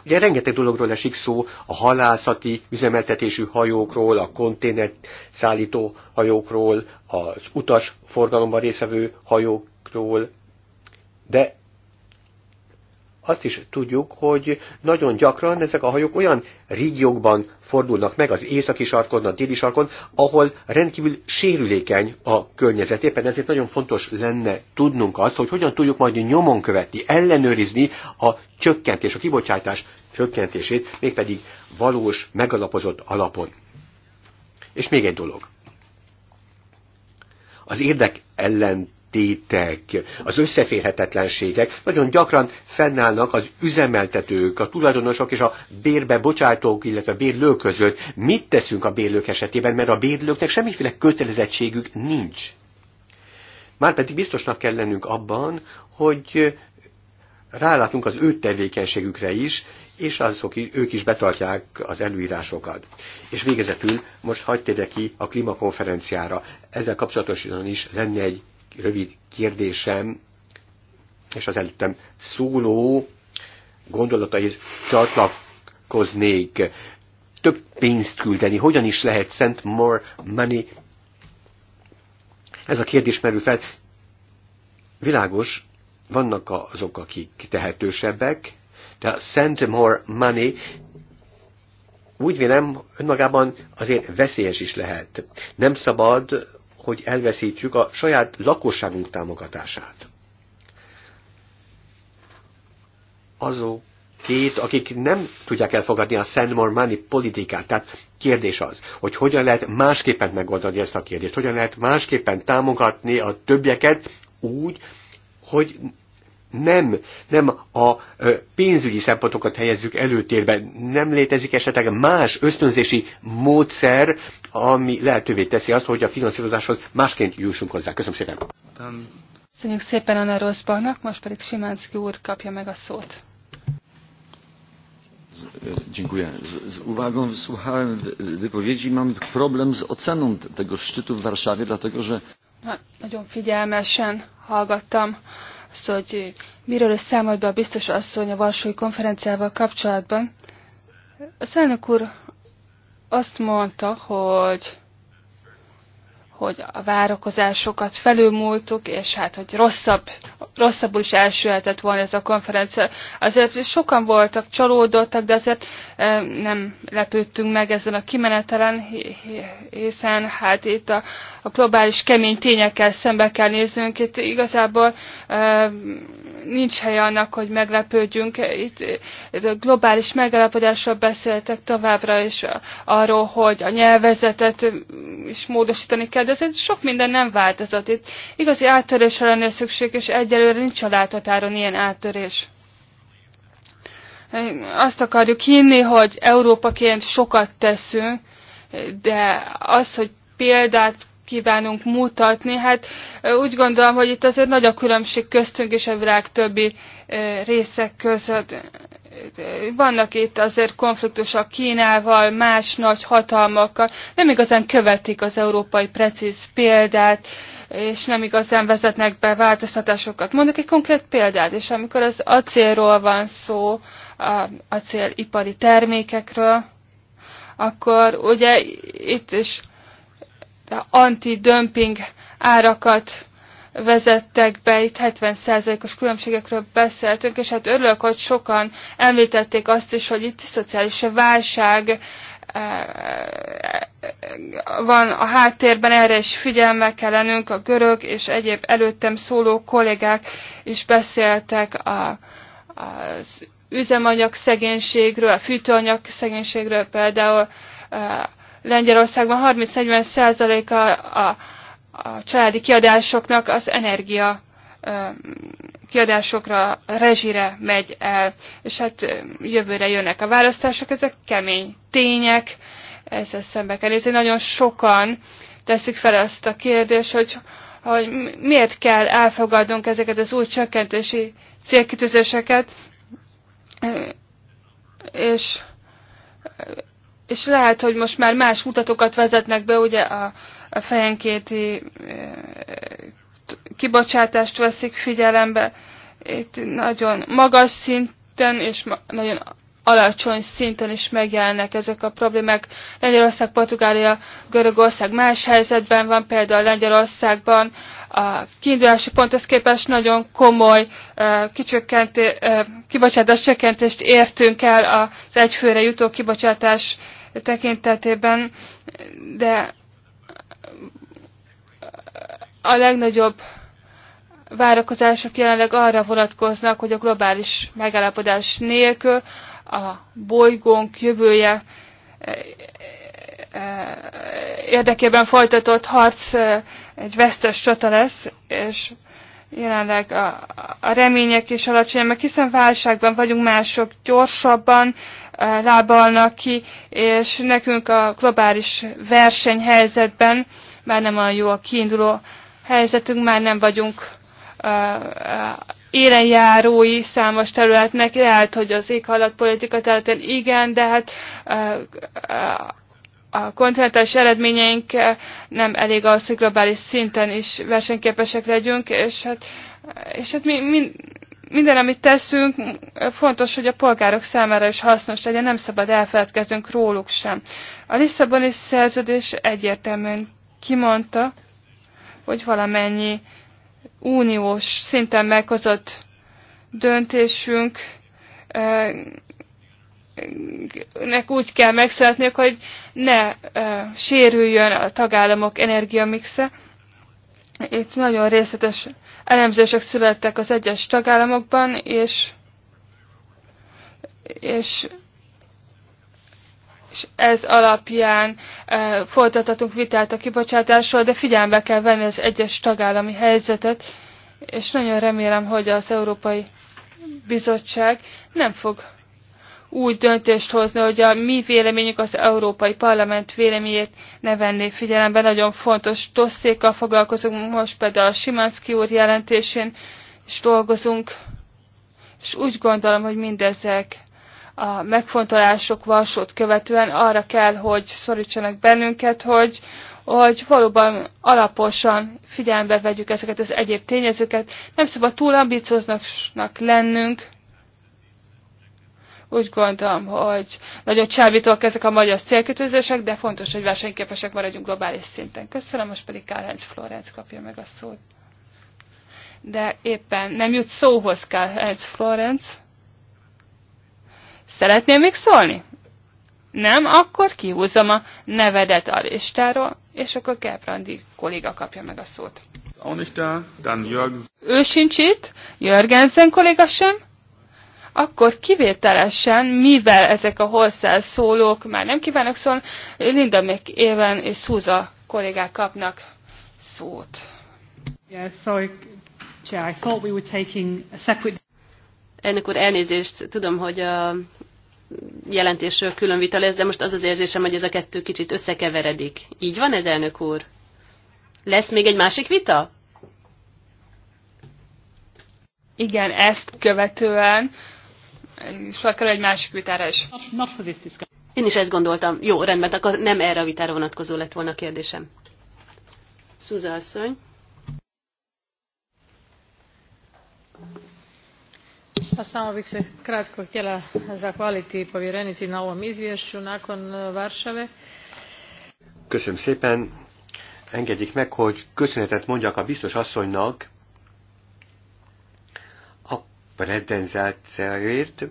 Ugye rengeteg dologról esik szó, a halászati üzemeltetésű hajókról, a konténer szállító hajókról, az utas forgalomban részvevő hajókról, de azt is tudjuk, hogy nagyon gyakran ezek a hajók olyan rígyókban fordulnak meg, az északi sarkon, a déli sarkon, ahol rendkívül sérülékeny a környezet. Éppen ezért nagyon fontos lenne tudnunk azt, hogy hogyan tudjuk majd nyomon követni, ellenőrizni a csökkentés, a kibocsátás csökkentését, mégpedig valós, megalapozott alapon. És még egy dolog. Az érdek ellent tétek, az összeférhetetlenségek nagyon gyakran fennállnak az üzemeltetők, a tulajdonosok és a bérbe bocsátók, illetve bérlők között. Mit teszünk a bérlők esetében, mert a bérlőknek semmiféle kötelezettségük nincs. Márpedig biztosnak kell lennünk abban, hogy rálátunk az ő tevékenységükre is, és azok, ők is betartják az előírásokat. És végezetül most hagyd térje ki a klímakonferenciára. Ezzel kapcsolatosan is lenne egy rövid kérdésem, és az előttem szóló gondolatai csatlakoznék. Több pénzt küldeni, hogyan is lehet send more money? Ez a kérdés merül fel. Világos, vannak azok, akik tehetősebbek, de a send more money úgy vélem, önmagában azért veszélyes is lehet. Nem szabad hogy elveszítsük a saját lakosságunk támogatását. Azok két, akik nem tudják elfogadni a send more money politikát. Tehát kérdés az, hogy hogyan lehet másképpen megoldani ezt a kérdést, hogyan lehet másképpen támogatni a többieket úgy, hogy nem, nem a pénzügyi szempontokat helyezzük előtérbe. Nem létezik esetleg más ösztönzési módszer, ami lehetővé teszi azt, hogy a finanszírozáshoz másként jussunk hozzá. Köszönöm szépen. Köszönjük szépen Anna Rosbachnak, most pedig Simánszki úr kapja meg a szót. Dziękuję. Z, z uwagą wysłuchałem wypowiedzi. Mam problem z oceną tego szczytu w Warszawie, dlatego że... Na, nagyon figyelmesen hallgattam azt, hogy miről is számolt be a biztos asszony a Varsói konferenciával kapcsolatban. Az elnök úr azt mondta, hogy hogy a várakozásokat felülmúltuk, és hát, hogy rosszabb, rosszabbul is elsőhetett volna ez a konferencia. Azért sokan voltak, csalódottak, de azért eh, nem lepődtünk meg ezen a kimenetelen, hiszen hát itt a, a globális kemény tényekkel szembe kell néznünk. Itt igazából eh, nincs hely annak, hogy meglepődjünk. Itt, itt a globális megállapodásról beszéltek továbbra is arról, hogy a nyelvezetet is módosítani kell, de azért sok minden nem változott. Itt igazi áttörésre lenne szükség, és egyelőre nincs a láthatáron ilyen áttörés. Azt akarjuk hinni, hogy Európaként sokat teszünk, de az, hogy példát kívánunk mutatni. Hát úgy gondolom, hogy itt azért nagy a különbség köztünk és a világ többi részek között. Vannak itt azért konfliktusok Kínával, más nagy hatalmakkal, nem igazán követik az európai precíz példát, és nem igazán vezetnek be változtatásokat. Mondok egy konkrét példát, és amikor az acélról van szó, acélipari termékekről, akkor ugye itt is anti-dömping árakat vezettek be, itt 70%-os különbségekről beszéltünk, és hát örülök, hogy sokan említették azt is, hogy itt szociális válság eh, eh, van a háttérben, erre is figyelme kell lennünk, a görög és egyéb előttem szóló kollégák is beszéltek a, az üzemanyag szegénységről, a fűtőanyag szegénységről például, eh, Lengyelországban 30-40 százaléka a, a családi kiadásoknak az energia kiadásokra, rezsire megy el, és hát jövőre jönnek a választások, ezek kemény tények, ezzel szembe kell nézni. Nagyon sokan teszik fel ezt a kérdést, hogy, hogy miért kell elfogadnunk ezeket az új csökkentési célkitűzéseket, és és lehet, hogy most már más mutatókat vezetnek be, ugye a, a fejenkéti eh, kibocsátást veszik figyelembe. Itt nagyon magas szinten és nagyon alacsony szinten is megjelennek ezek a problémák. Lengyelország, Portugália, Görögország más helyzetben van, például Lengyelországban a kiindulási ponthoz képest nagyon komoly eh, kicsökkenti, eh, kibocsátás csökkentést értünk el az egyfőre jutó kibocsátás tekintetében, de a legnagyobb várakozások jelenleg arra vonatkoznak, hogy a globális megállapodás nélkül a bolygónk jövője eh, eh, érdekében folytatott harc eh, egy vesztes csata lesz, és jelenleg a, a remények is alacsonyak, mert hiszen válságban vagyunk, mások gyorsabban lábalnak ki, és nekünk a globális versenyhelyzetben már nem olyan jó a kiinduló helyzetünk, már nem vagyunk élenjárói számos területnek, lehet, hogy az éghajlatpolitika területén igen, de hát a kontinentális eredményeink nem elég az, hogy globális szinten is versenyképesek legyünk, és hát, és hát mi, mi, minden, amit teszünk, fontos, hogy a polgárok számára is hasznos legyen, nem szabad elfeledkezünk róluk sem. A Lisszaboni szerződés egyértelműen kimondta, hogy valamennyi uniós szinten meghozott döntésünk eh, nek úgy kell megszületniük, hogy ne e, sérüljön a tagállamok energiamixe, itt nagyon részletes elemzések születtek az egyes tagállamokban, és, és, és ez alapján e, folytathatunk vitát a kibocsátásról, de figyelembe kell venni az egyes tagállami helyzetet, és nagyon remélem, hogy az Európai Bizottság nem fog úgy döntést hozni, hogy a mi véleményük az Európai Parlament véleményét ne vennék figyelembe. Nagyon fontos dosszékkal foglalkozunk, most például a Simanszki úr jelentésén és dolgozunk, és úgy gondolom, hogy mindezek a megfontolások valsót követően arra kell, hogy szorítsanak bennünket, hogy, hogy valóban alaposan figyelembe vegyük ezeket az egyéb tényezőket. Nem szabad túl ambicióznak lennünk, úgy gondolom, hogy nagyon csábítóak ezek a magyar célkötőzések, de fontos, hogy versenyképesek maradjunk globális szinten. Köszönöm, most pedig Kárhánc Florenc kapja meg a szót. De éppen nem jut szóhoz Kárhánc Florenc. Szeretném még szólni? Nem, akkor kihúzom a nevedet a listáról, és akkor Keprandi kolléga kapja meg a szót. Ő sincs itt, Jörgensen kolléga sem, akkor kivételesen, mivel ezek a hozzá szólók már nem kívánok szólni, Linda még éven és Szúza kollégák kapnak szót. Yeah, sorry, Chair, I thought we were taking a separate... Elnök úr, elnézést, tudom, hogy a jelentésről külön vita lesz, de most az az érzésem, hogy ez a kettő kicsit összekeveredik. Így van ez, elnök úr? Lesz még egy másik vita? Igen, ezt követően sor kerül egy másik vitára is. Én is ezt gondoltam. Jó, rendben, akkor nem erre a vitára vonatkozó lett volna a kérdésem. Szuza asszony. A samo bih se kratko htjela zahvaliti povjerenici na ovom izvješću nakon Varšave. Köszönöm szépen. Engedjék meg, hogy köszönetet mondjak a biztos asszonynak, predenzációért,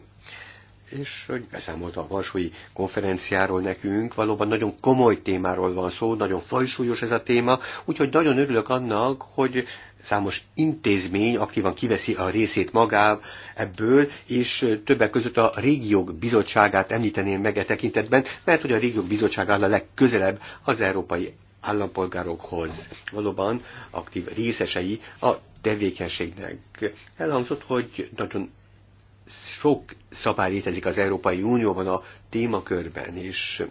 és hogy beszámolt a Varsói konferenciáról nekünk. Valóban nagyon komoly témáról van szó, nagyon fajsúlyos ez a téma, úgyhogy nagyon örülök annak, hogy számos intézmény aktívan kiveszi a részét magáb, ebből, és többek között a régiók bizottságát említeném meg e tekintetben, mert hogy a régiók bizottság áll a legközelebb az európai állampolgárokhoz. Valóban aktív részesei a tevékenységnek. Elhangzott, hogy nagyon sok szabály létezik az Európai Unióban a témakörben, és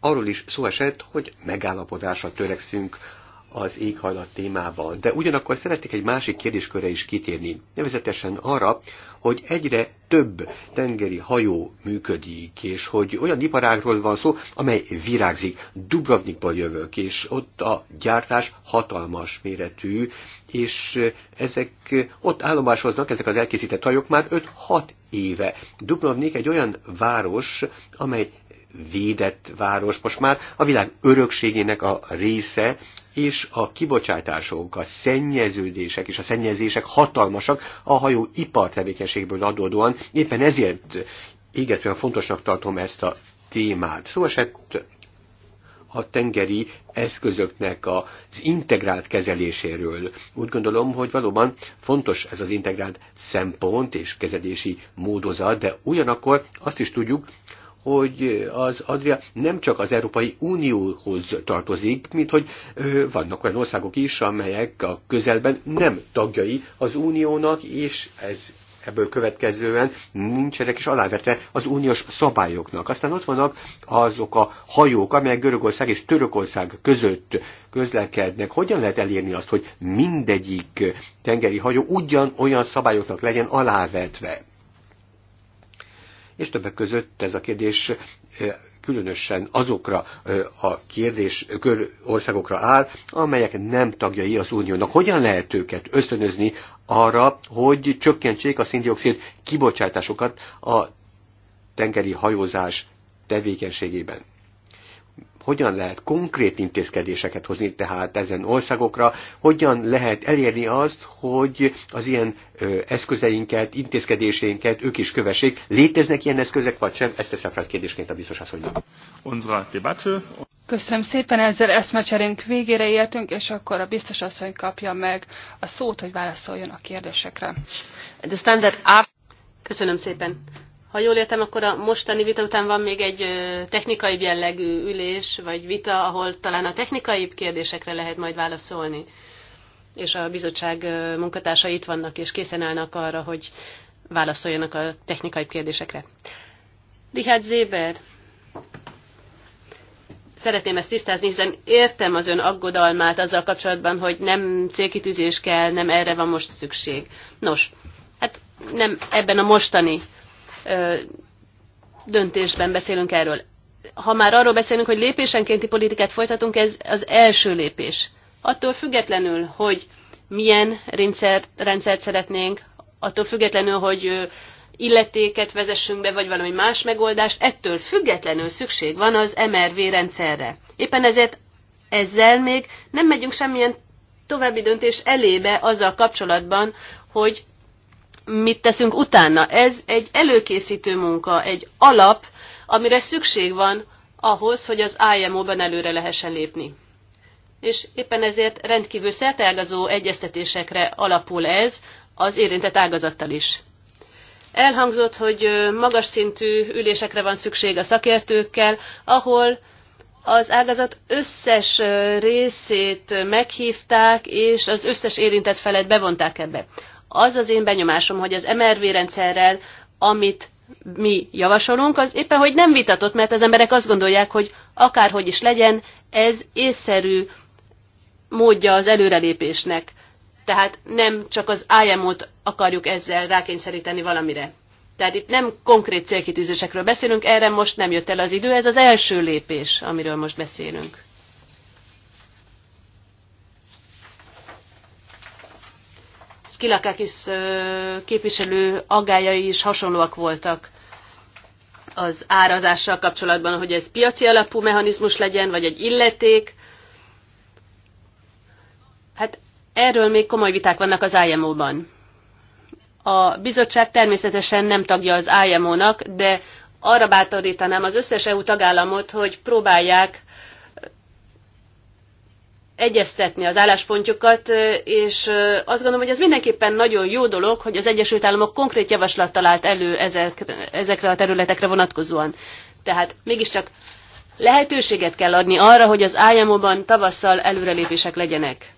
arról is szó esett, hogy megállapodásra törekszünk az éghajlat témában. De ugyanakkor szeretnék egy másik kérdéskörre is kitérni, nevezetesen arra, hogy egyre több tengeri hajó működik, és hogy olyan iparágról van szó, amely virágzik. Dubrovnikból jövök, és ott a gyártás hatalmas méretű, és ezek ott állomásoznak, ezek az elkészített hajók már 5-6 éve. Dubrovnik egy olyan város, amely védett város, most már a világ örökségének a része, és a kibocsátások, a szennyeződések és a szennyezések hatalmasak a hajó ipartevékenységből adódóan. Éppen ezért égetően fontosnak tartom ezt a témát. szóval se a tengeri eszközöknek az integrált kezeléséről. Úgy gondolom, hogy valóban fontos ez az integrált szempont és kezelési módozat, de ugyanakkor azt is tudjuk, hogy az Adria nem csak az Európai Unióhoz tartozik, mint hogy vannak olyan országok is, amelyek a közelben nem tagjai az Uniónak, és ez ebből következően nincsenek is alávetve az uniós szabályoknak. Aztán ott vannak azok a hajók, amelyek Görögország és Törökország között közlekednek. Hogyan lehet elérni azt, hogy mindegyik tengeri hajó ugyanolyan szabályoknak legyen alávetve? és többek között ez a kérdés különösen azokra a kérdéskör országokra áll, amelyek nem tagjai az uniónak. Hogyan lehet őket ösztönözni arra, hogy csökkentsék a szindioxid kibocsátásokat a tengeri hajózás tevékenységében? hogyan lehet konkrét intézkedéseket hozni tehát ezen országokra, hogyan lehet elérni azt, hogy az ilyen eszközeinket, intézkedéseinket ők is kövessék. Léteznek ilyen eszközek vagy sem? Ezt teszem fel kérdésként a biztos asszonynak. Köszönöm szépen, ezzel eszmecserénk végére értünk, és akkor a biztos asszony kapja meg a szót, hogy válaszoljon a kérdésekre. The standard Köszönöm szépen. Ha jól értem, akkor a mostani vita után van még egy technikai jellegű ülés, vagy vita, ahol talán a technikai kérdésekre lehet majd válaszolni. És a bizottság munkatársai itt vannak, és készen állnak arra, hogy válaszoljanak a technikai kérdésekre. Richard Zéber, szeretném ezt tisztázni, hiszen értem az ön aggodalmát azzal kapcsolatban, hogy nem célkitűzés kell, nem erre van most szükség. Nos, hát nem ebben a mostani döntésben beszélünk erről. Ha már arról beszélünk, hogy lépésenkénti politikát folytatunk, ez az első lépés. Attól függetlenül, hogy milyen rendszer, rendszert szeretnénk, attól függetlenül, hogy illetéket vezessünk be, vagy valami más megoldást, ettől függetlenül szükség van az MRV rendszerre. Éppen ezért ezzel még nem megyünk semmilyen további döntés elébe azzal kapcsolatban, hogy mit teszünk utána. Ez egy előkészítő munka, egy alap, amire szükség van ahhoz, hogy az IMO-ban előre lehessen lépni. És éppen ezért rendkívül szerteágazó egyeztetésekre alapul ez az érintett ágazattal is. Elhangzott, hogy magas szintű ülésekre van szükség a szakértőkkel, ahol az ágazat összes részét meghívták, és az összes érintett felet bevonták ebbe. Az az én benyomásom, hogy az MRV rendszerrel, amit mi javasolunk, az éppen, hogy nem vitatott, mert az emberek azt gondolják, hogy akárhogy is legyen, ez észszerű módja az előrelépésnek. Tehát nem csak az IMO-t akarjuk ezzel rákényszeríteni valamire. Tehát itt nem konkrét célkitűzésekről beszélünk, erre most nem jött el az idő, ez az első lépés, amiről most beszélünk. Skilakakis képviselő agályai is hasonlóak voltak az árazással kapcsolatban, hogy ez piaci alapú mechanizmus legyen, vagy egy illeték. Hát erről még komoly viták vannak az IMO-ban. A bizottság természetesen nem tagja az IMO-nak, de arra bátorítanám az összes EU tagállamot, hogy próbálják egyeztetni az álláspontjukat, és azt gondolom, hogy ez mindenképpen nagyon jó dolog, hogy az Egyesült Államok konkrét javaslat talált elő ezek, ezekre a területekre vonatkozóan. Tehát mégiscsak lehetőséget kell adni arra, hogy az IMO-ban tavasszal előrelépések legyenek.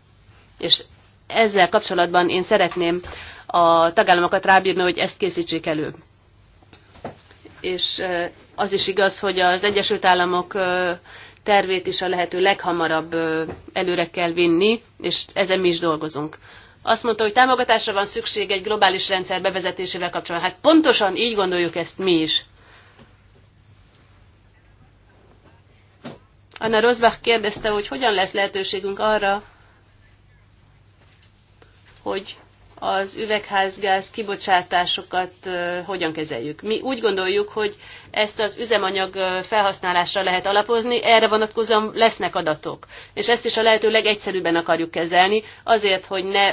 És ezzel kapcsolatban én szeretném a tagállamokat rábírni, hogy ezt készítsék elő. És az is igaz, hogy az Egyesült Államok tervét is a lehető leghamarabb előre kell vinni, és ezen mi is dolgozunk. Azt mondta, hogy támogatásra van szükség egy globális rendszer bevezetésével kapcsolatban. Hát pontosan így gondoljuk ezt mi is. Anna Rosbach kérdezte, hogy hogyan lesz lehetőségünk arra, hogy az üvegházgáz kibocsátásokat hogyan kezeljük. Mi úgy gondoljuk, hogy ezt az üzemanyag felhasználásra lehet alapozni, erre vonatkozóan lesznek adatok. És ezt is a lehető legegyszerűbben akarjuk kezelni, azért, hogy ne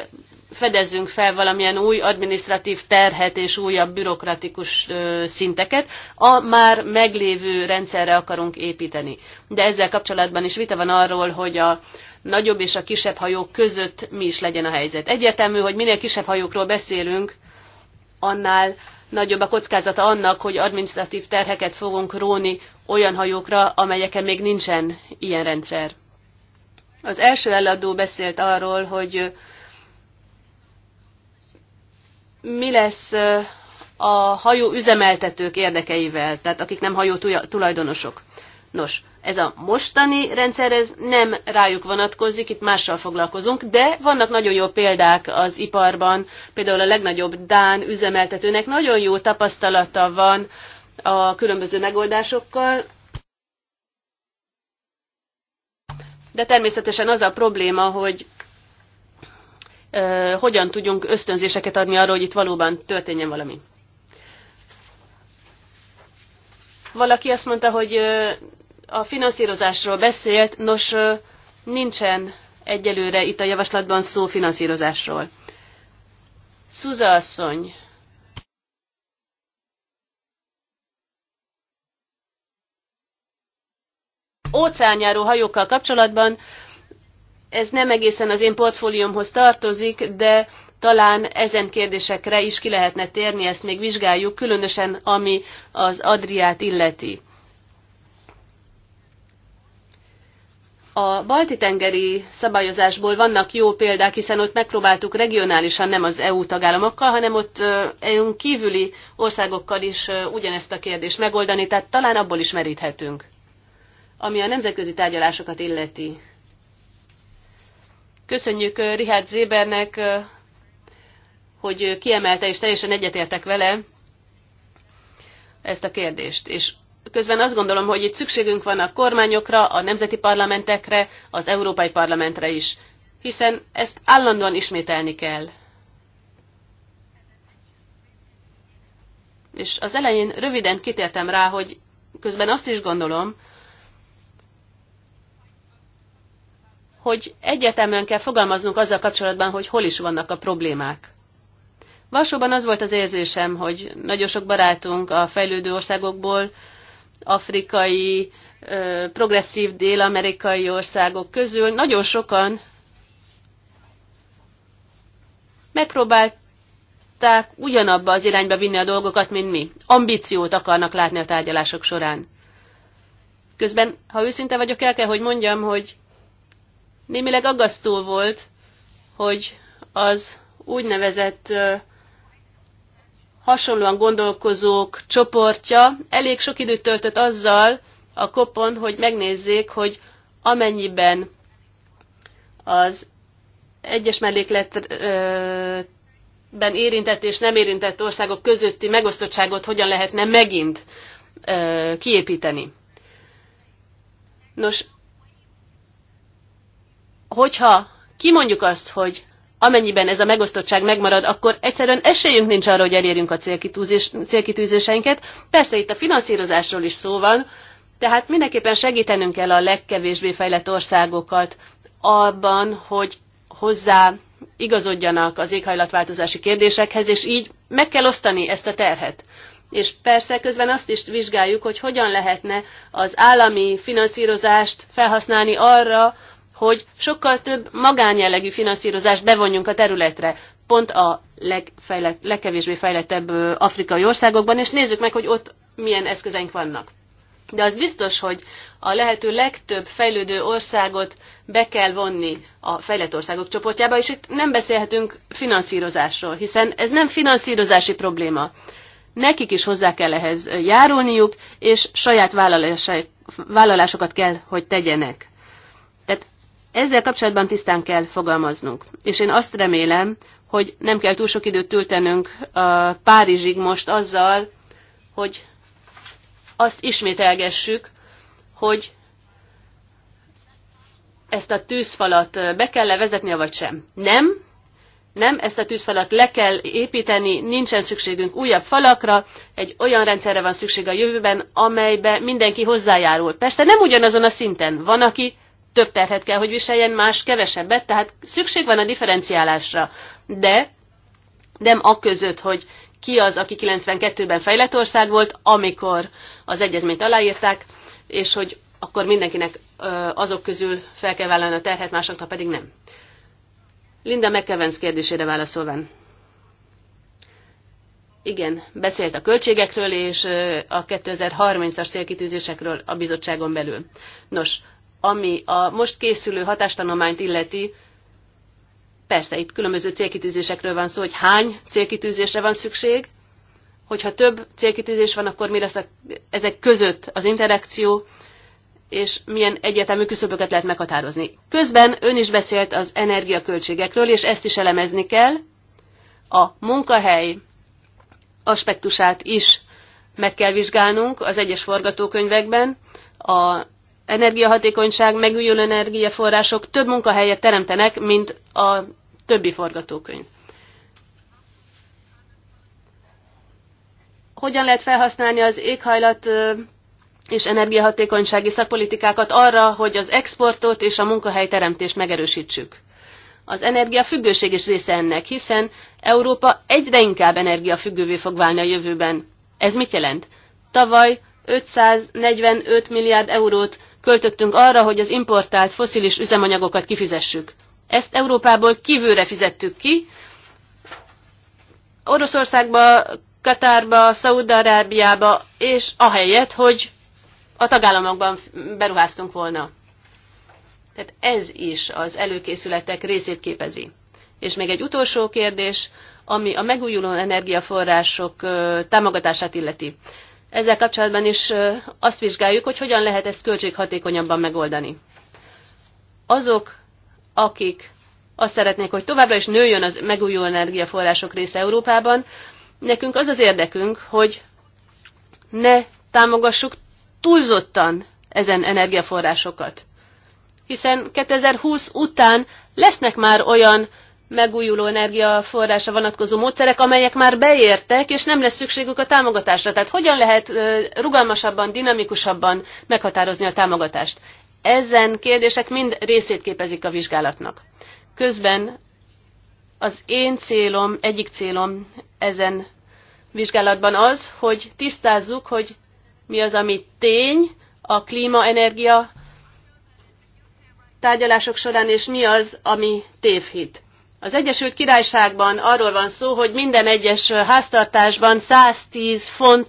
fedezzünk fel valamilyen új administratív terhet és újabb bürokratikus szinteket, a már meglévő rendszerre akarunk építeni. De ezzel kapcsolatban is vita van arról, hogy a nagyobb és a kisebb hajók között mi is legyen a helyzet. Egyértelmű, hogy minél kisebb hajókról beszélünk, annál nagyobb a kockázata annak, hogy administratív terheket fogunk róni olyan hajókra, amelyeken még nincsen ilyen rendszer. Az első eladó beszélt arról, hogy mi lesz a hajó üzemeltetők érdekeivel, tehát akik nem hajó tulajdonosok. Nos, ez a mostani rendszer ez nem rájuk vonatkozik, itt mással foglalkozunk, de vannak nagyon jó példák az iparban, például a legnagyobb Dán üzemeltetőnek nagyon jó tapasztalata van a különböző megoldásokkal, de természetesen az a probléma, hogy e, hogyan tudjunk ösztönzéseket adni arra, hogy itt valóban történjen valami. Valaki azt mondta, hogy a finanszírozásról beszélt, nos, nincsen egyelőre itt a javaslatban szó finanszírozásról. Szuza asszony. Óceánjáró hajókkal kapcsolatban ez nem egészen az én portfóliómhoz tartozik, de talán ezen kérdésekre is ki lehetne térni, ezt még vizsgáljuk, különösen ami az Adriát illeti. A balti-tengeri szabályozásból vannak jó példák, hiszen ott megpróbáltuk regionálisan nem az EU tagállamokkal, hanem ott EU kívüli országokkal is ugyanezt a kérdést megoldani, tehát talán abból is meríthetünk, ami a nemzetközi tárgyalásokat illeti. Köszönjük Richard Zébernek, hogy kiemelte, és teljesen egyetértek vele ezt a kérdést. És közben azt gondolom, hogy itt szükségünk van a kormányokra, a nemzeti parlamentekre, az Európai Parlamentre is, hiszen ezt állandóan ismételni kell. És az elején röviden kitértem rá, hogy közben azt is gondolom, hogy egyetemen kell fogalmaznunk azzal kapcsolatban, hogy hol is vannak a problémák. Valsóban az volt az érzésem, hogy nagyon sok barátunk a fejlődő országokból, afrikai, progresszív dél-amerikai országok közül nagyon sokan megpróbálták ugyanabba az irányba vinni a dolgokat, mint mi. Ambíciót akarnak látni a tárgyalások során. Közben, ha őszinte vagyok, el kell, hogy mondjam, hogy némileg aggasztó volt, hogy az úgynevezett hasonlóan gondolkozók csoportja elég sok időt töltött azzal a kopon, hogy megnézzék, hogy amennyiben az egyes mellékletben érintett és nem érintett országok közötti megosztottságot hogyan lehetne megint kiépíteni. Nos, hogyha kimondjuk azt, hogy amennyiben ez a megosztottság megmarad, akkor egyszerűen esélyünk nincs arra, hogy elérjünk a célkitűzéseinket. Persze itt a finanszírozásról is szó van, tehát mindenképpen segítenünk kell a legkevésbé fejlett országokat abban, hogy hozzá igazodjanak az éghajlatváltozási kérdésekhez, és így meg kell osztani ezt a terhet. És persze közben azt is vizsgáljuk, hogy hogyan lehetne az állami finanszírozást felhasználni arra, hogy sokkal több magánjellegű finanszírozást bevonjunk a területre, pont a legfejlett, legkevésbé fejlettebb afrikai országokban, és nézzük meg, hogy ott milyen eszközeink vannak. De az biztos, hogy a lehető legtöbb fejlődő országot be kell vonni a fejlett országok csoportjába, és itt nem beszélhetünk finanszírozásról, hiszen ez nem finanszírozási probléma. Nekik is hozzá kell ehhez járulniuk, és saját vállalásokat kell, hogy tegyenek. Ezzel kapcsolatban tisztán kell fogalmaznunk. És én azt remélem, hogy nem kell túl sok időt töltenünk a Párizsig most azzal, hogy azt ismételgessük, hogy ezt a tűzfalat be kell levezetni, vagy sem. Nem, nem, ezt a tűzfalat le kell építeni, nincsen szükségünk újabb falakra, egy olyan rendszerre van szükség a jövőben, amelybe mindenki hozzájárul. Persze nem ugyanazon a szinten. Van, aki több terhet kell, hogy viseljen, más kevesebbet, tehát szükség van a differenciálásra. De nem a között, hogy ki az, aki 92-ben fejlett ország volt, amikor az egyezményt aláírták, és hogy akkor mindenkinek azok közül fel kell vállalni a terhet, másoknak pedig nem. Linda McEvans kérdésére válaszolván. Igen, beszélt a költségekről és a 2030-as célkitűzésekről a bizottságon belül. Nos, ami a most készülő hatástanományt illeti, persze itt különböző célkitűzésekről van szó, hogy hány célkitűzésre van szükség, hogyha több célkitűzés van, akkor mi lesz a, ezek között az interakció, és milyen egyetemű küszöböket lehet meghatározni. Közben ön is beszélt az energiaköltségekről, és ezt is elemezni kell. A munkahely aspektusát is meg kell vizsgálnunk az egyes forgatókönyvekben, a energiahatékonyság, megújuló energiaforrások több munkahelyet teremtenek, mint a többi forgatókönyv. Hogyan lehet felhasználni az éghajlat és energiahatékonysági szakpolitikákat arra, hogy az exportot és a munkahelyteremtést megerősítsük? Az energiafüggőség is része ennek, hiszen Európa egyre inkább energiafüggővé fog válni a jövőben. Ez mit jelent? Tavaly 545 milliárd eurót költöttünk arra, hogy az importált foszilis üzemanyagokat kifizessük. Ezt Európából kívülre fizettük ki. Oroszországba, Katárba, Szaúd-Arábiába, és ahelyett, hogy a tagállamokban beruháztunk volna. Tehát ez is az előkészületek részét képezi. És még egy utolsó kérdés, ami a megújuló energiaforrások támogatását illeti ezzel kapcsolatban is azt vizsgáljuk, hogy hogyan lehet ezt költséghatékonyabban megoldani. Azok, akik azt szeretnék, hogy továbbra is nőjön az megújuló energiaforrások része Európában, nekünk az az érdekünk, hogy ne támogassuk túlzottan ezen energiaforrásokat. Hiszen 2020 után lesznek már olyan megújuló energiaforrása vonatkozó módszerek, amelyek már beértek, és nem lesz szükségük a támogatásra. Tehát hogyan lehet rugalmasabban, dinamikusabban meghatározni a támogatást? Ezen kérdések mind részét képezik a vizsgálatnak. Közben az én célom, egyik célom ezen vizsgálatban az, hogy tisztázzuk, hogy mi az, ami tény a klímaenergia tárgyalások során, és mi az, ami tévhit. Az Egyesült Királyságban arról van szó, hogy minden egyes háztartásban 110 font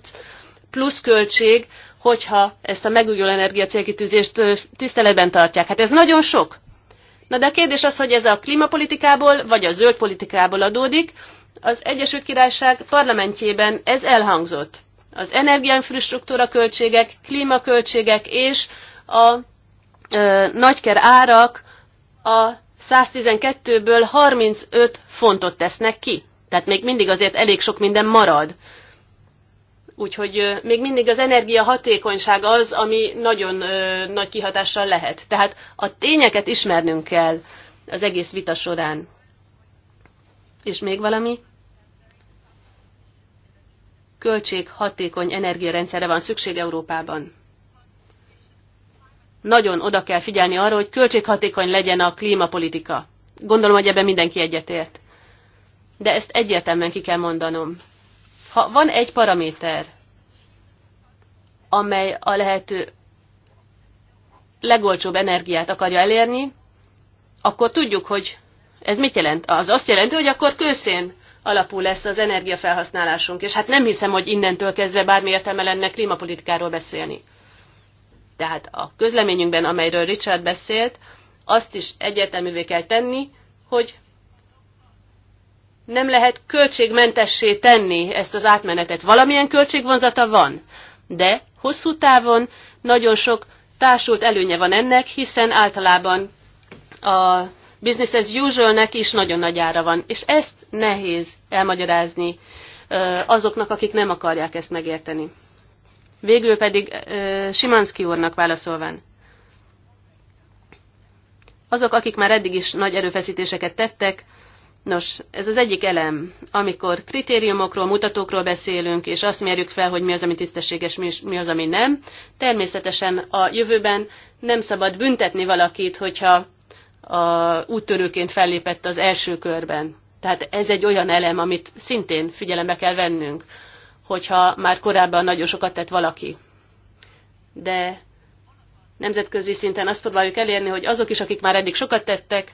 plusz költség, hogyha ezt a megújuló energia célkitűzést tiszteletben tartják. Hát ez nagyon sok. Na de a kérdés az, hogy ez a klímapolitikából vagy a zöld politikából adódik. Az Egyesült Királyság parlamentjében ez elhangzott. Az energiainfrastruktúra költségek, klímaköltségek és a ö, nagyker árak a 112-ből 35 fontot tesznek ki. Tehát még mindig azért elég sok minden marad. Úgyhogy még mindig az energia hatékonyság az, ami nagyon ö, nagy kihatással lehet. Tehát a tényeket ismernünk kell az egész vita során. És még valami? költség hatékony energiarendszerre van szükség Európában nagyon oda kell figyelni arra, hogy költséghatékony legyen a klímapolitika. Gondolom, hogy ebben mindenki egyetért. De ezt egyértelműen ki kell mondanom. Ha van egy paraméter, amely a lehető legolcsóbb energiát akarja elérni, akkor tudjuk, hogy ez mit jelent? Az azt jelenti, hogy akkor kőszén alapú lesz az energiafelhasználásunk, és hát nem hiszem, hogy innentől kezdve bármi értelme lenne klímapolitikáról beszélni. Tehát a közleményünkben, amelyről Richard beszélt, azt is egyértelművé kell tenni, hogy nem lehet költségmentessé tenni ezt az átmenetet. Valamilyen költségvonzata van, de hosszú távon nagyon sok társult előnye van ennek, hiszen általában a business as usual-nek is nagyon nagy ára van, és ezt nehéz elmagyarázni azoknak, akik nem akarják ezt megérteni. Végül pedig Simanski úrnak válaszolván. Azok, akik már eddig is nagy erőfeszítéseket tettek, nos, ez az egyik elem, amikor kritériumokról, mutatókról beszélünk, és azt mérjük fel, hogy mi az, ami tisztességes, mi az, ami nem. Természetesen a jövőben nem szabad büntetni valakit, hogyha a úttörőként fellépett az első körben. Tehát ez egy olyan elem, amit szintén figyelembe kell vennünk hogyha már korábban nagyon sokat tett valaki. De nemzetközi szinten azt próbáljuk elérni, hogy azok is, akik már eddig sokat tettek,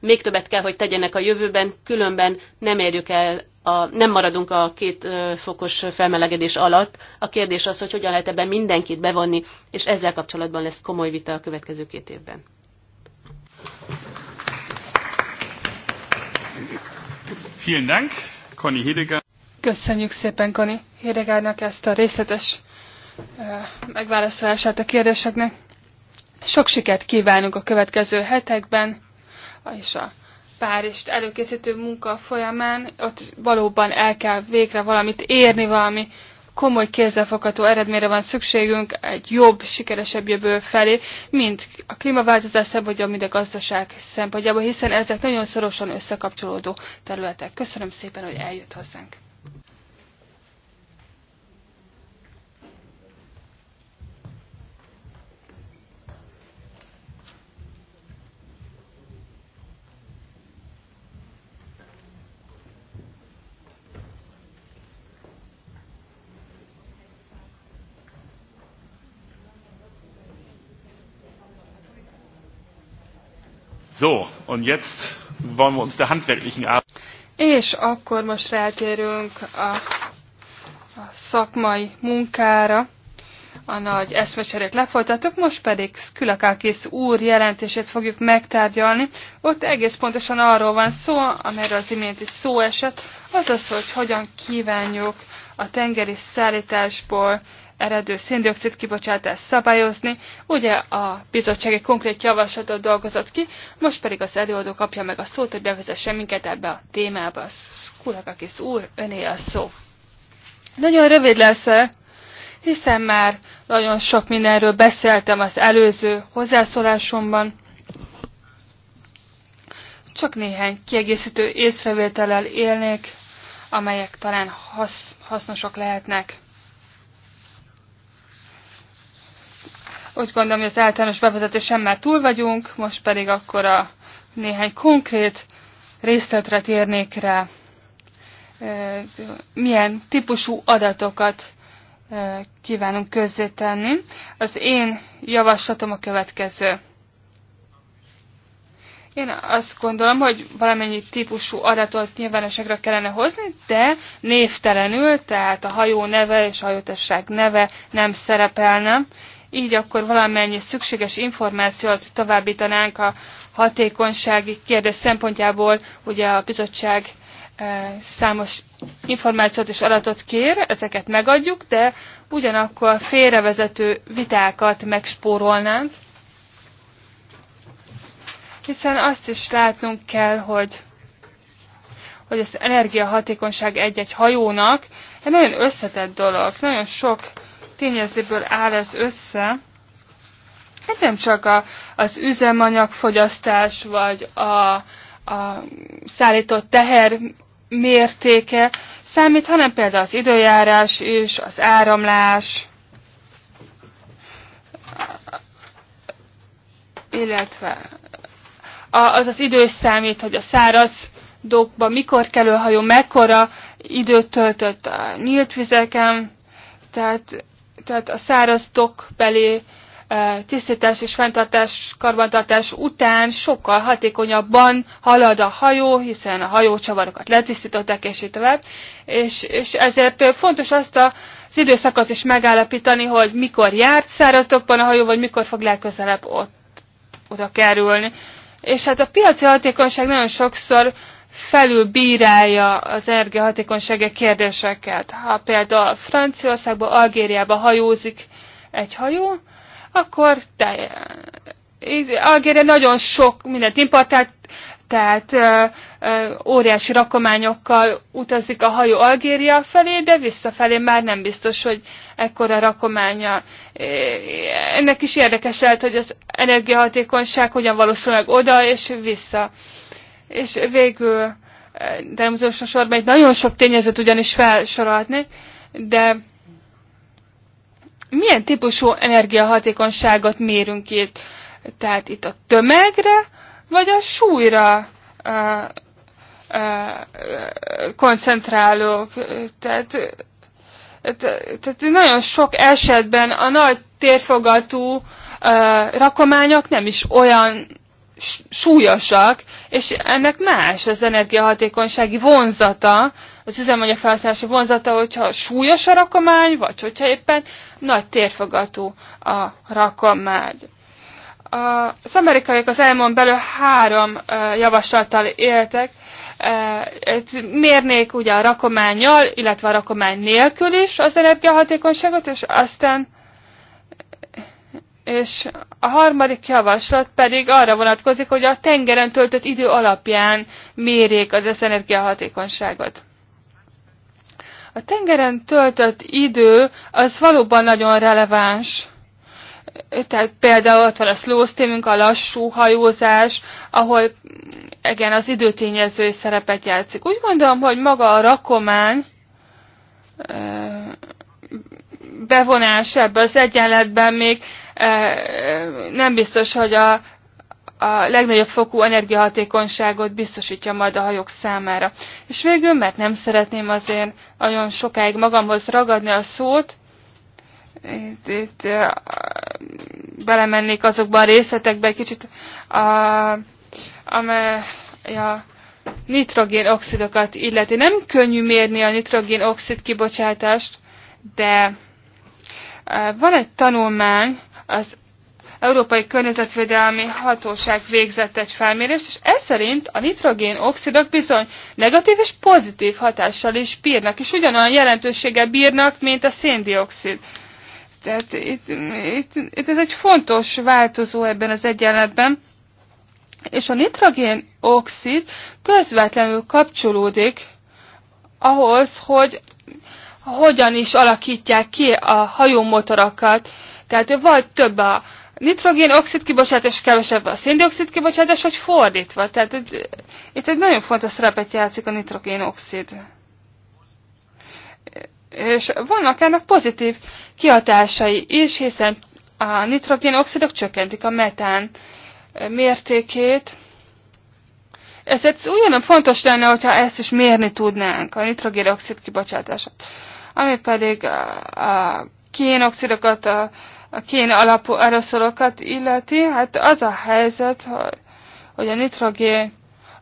még többet kell, hogy tegyenek a jövőben, különben nem érjük el, a, nem maradunk a két fokos felmelegedés alatt. A kérdés az, hogy hogyan lehet ebben mindenkit bevonni, és ezzel kapcsolatban lesz komoly vita a következő két évben. Vielen Dank, Conny Hedegaard. Köszönjük szépen Kani Hédegárnak ezt a részletes megválaszolását a kérdéseknek. Sok sikert kívánunk a következő hetekben, és a Párizst előkészítő munka folyamán, ott valóban el kell végre valamit érni, valami komoly kézzelfogható eredményre van szükségünk, egy jobb, sikeresebb jövő felé, mint a klímaváltozás szempontjából, mint a gazdaság szempontjából, hiszen ezek nagyon szorosan összekapcsolódó területek. Köszönöm szépen, hogy eljött hozzánk. So, und jetzt wollen wir uns der handwerklichen Arbeit. És akkor most rátérünk a, a szakmai munkára. A nagy eszmecserét lefolytattuk, most pedig Külakákész úr jelentését fogjuk megtárgyalni. Ott egész pontosan arról van szó, amiről az imént is szó esett, azaz, hogy hogyan kívánjuk a tengeri szállításból eredő széndiokszid kibocsátást szabályozni. Ugye a bizottság egy konkrét javaslatot dolgozott ki, most pedig az előadó kapja meg a szót, hogy bevezesse minket ebbe a témába. Kulakakis úr, öné a szó. Nagyon rövid lesz, hiszen már nagyon sok mindenről beszéltem az előző hozzászólásomban. Csak néhány kiegészítő észrevétellel élnék, amelyek talán hasz, hasznosak lehetnek. Úgy gondolom, hogy az általános bevezetésen már túl vagyunk, most pedig akkor a néhány konkrét részletre térnék rá, milyen típusú adatokat kívánunk közzétenni. Az én javaslatom a következő. Én azt gondolom, hogy valamennyi típusú adatot nyilvánosságra kellene hozni, de névtelenül, tehát a hajó neve és a hajótesság neve nem szerepelne így akkor valamennyi szükséges információt továbbítanánk a hatékonysági kérdés szempontjából, ugye a bizottság e, számos információt és adatot kér, ezeket megadjuk, de ugyanakkor félrevezető vitákat megspórolnánk, hiszen azt is látnunk kell, hogy, hogy az energiahatékonyság egy-egy hajónak egy nagyon összetett dolog, nagyon sok tényezőből áll ez össze, Ez nem csak a, az üzemanyagfogyasztás, vagy a, a szállított teher mértéke számít, hanem például az időjárás is, az áramlás, illetve az az idő számít, hogy a száraz dokba mikor kerül hajó, mekkora időt töltött a nyílt vizeken, tehát tehát a száraz belé e, tisztítás és fenntartás, karbantartás után sokkal hatékonyabban halad a hajó, hiszen a hajócsavarokat letisztították, és így tovább. És, és ezért fontos azt az időszakot is megállapítani, hogy mikor járt szárazdokban a hajó, vagy mikor fog legközelebb ott oda kerülni. És hát a piaci hatékonyság nagyon sokszor felülbírálja az energiahatékonysági kérdéseket. Ha például Franciaországban Algériába hajózik egy hajó, akkor Algéria nagyon sok mindent importált, tehát ö, ö, óriási rakományokkal utazik a hajó Algéria felé, de visszafelé már nem biztos, hogy ekkora rakománya. Ennek is érdekes lehet, hogy az energiahatékonyság hogyan valósul meg oda és vissza és végül eh, természetesen sorban egy nagyon sok tényezőt ugyanis felsorolhatnék, de milyen típusú energiahatékonyságot mérünk itt? Tehát itt a tömegre, vagy a súlyra uh, eh, uh, eh, koncentrálók. Tehát, tehát nagyon sok esetben a nagy térfogatú uh, rakományok nem is olyan súlyosak, és ennek más az energiahatékonysági vonzata, az üzemanyag felhasználási vonzata, hogyha súlyos a rakomány, vagy hogyha éppen nagy térfogatú a rakomány. Az amerikaiak az elmond belül három javaslattal éltek, mérnék ugye a rakományjal, illetve a rakomány nélkül is az energiahatékonyságot, és aztán és a harmadik javaslat pedig arra vonatkozik, hogy a tengeren töltött idő alapján mérjék az energiahatékonyságot. A tengeren töltött idő az valóban nagyon releváns. Tehát például ott van a slow steaming, a lassú hajózás, ahol igen, az időtényező szerepet játszik. Úgy gondolom, hogy maga a rakomány bevonása ebbe az egyenletben még e, nem biztos, hogy a, a legnagyobb fokú energiahatékonyságot biztosítja majd a hajók számára. És végül, mert nem szeretném azért nagyon sokáig magamhoz ragadni a szót, itt, itt e, belemennék azokban a részletekbe egy kicsit, a, amely a nitrogénoxidokat illeti. Nem könnyű mérni a nitrogénoxid kibocsátást, de van egy tanulmány, az Európai Környezetvédelmi Hatóság végzett egy felmérést, és ez szerint a nitrogén oxidok bizony negatív és pozitív hatással is bírnak, és ugyanolyan jelentőséggel bírnak, mint a széndiokszid. Tehát itt, itt, itt ez egy fontos változó ebben az egyenletben, és a nitrogén oxid közvetlenül kapcsolódik ahhoz, hogy hogyan is alakítják ki a hajómotorokat. Tehát vagy több a nitrogén oxid kibocsátás, kevesebb a széndiokszid kibocsátás, vagy fordítva. Tehát itt, itt egy nagyon fontos szerepet játszik a nitrogén oxid. És vannak ennek pozitív kihatásai is, hiszen a nitrogén oxidok csökkentik a metán mértékét. Ezért ugyanúgy fontos lenne, hogyha ezt is mérni tudnánk, a nitrogén oxid kibocsátását ami pedig a, kénoxidokat, a, kén alapú aeroszolokat illeti, hát az a helyzet, hogy, a nitrogén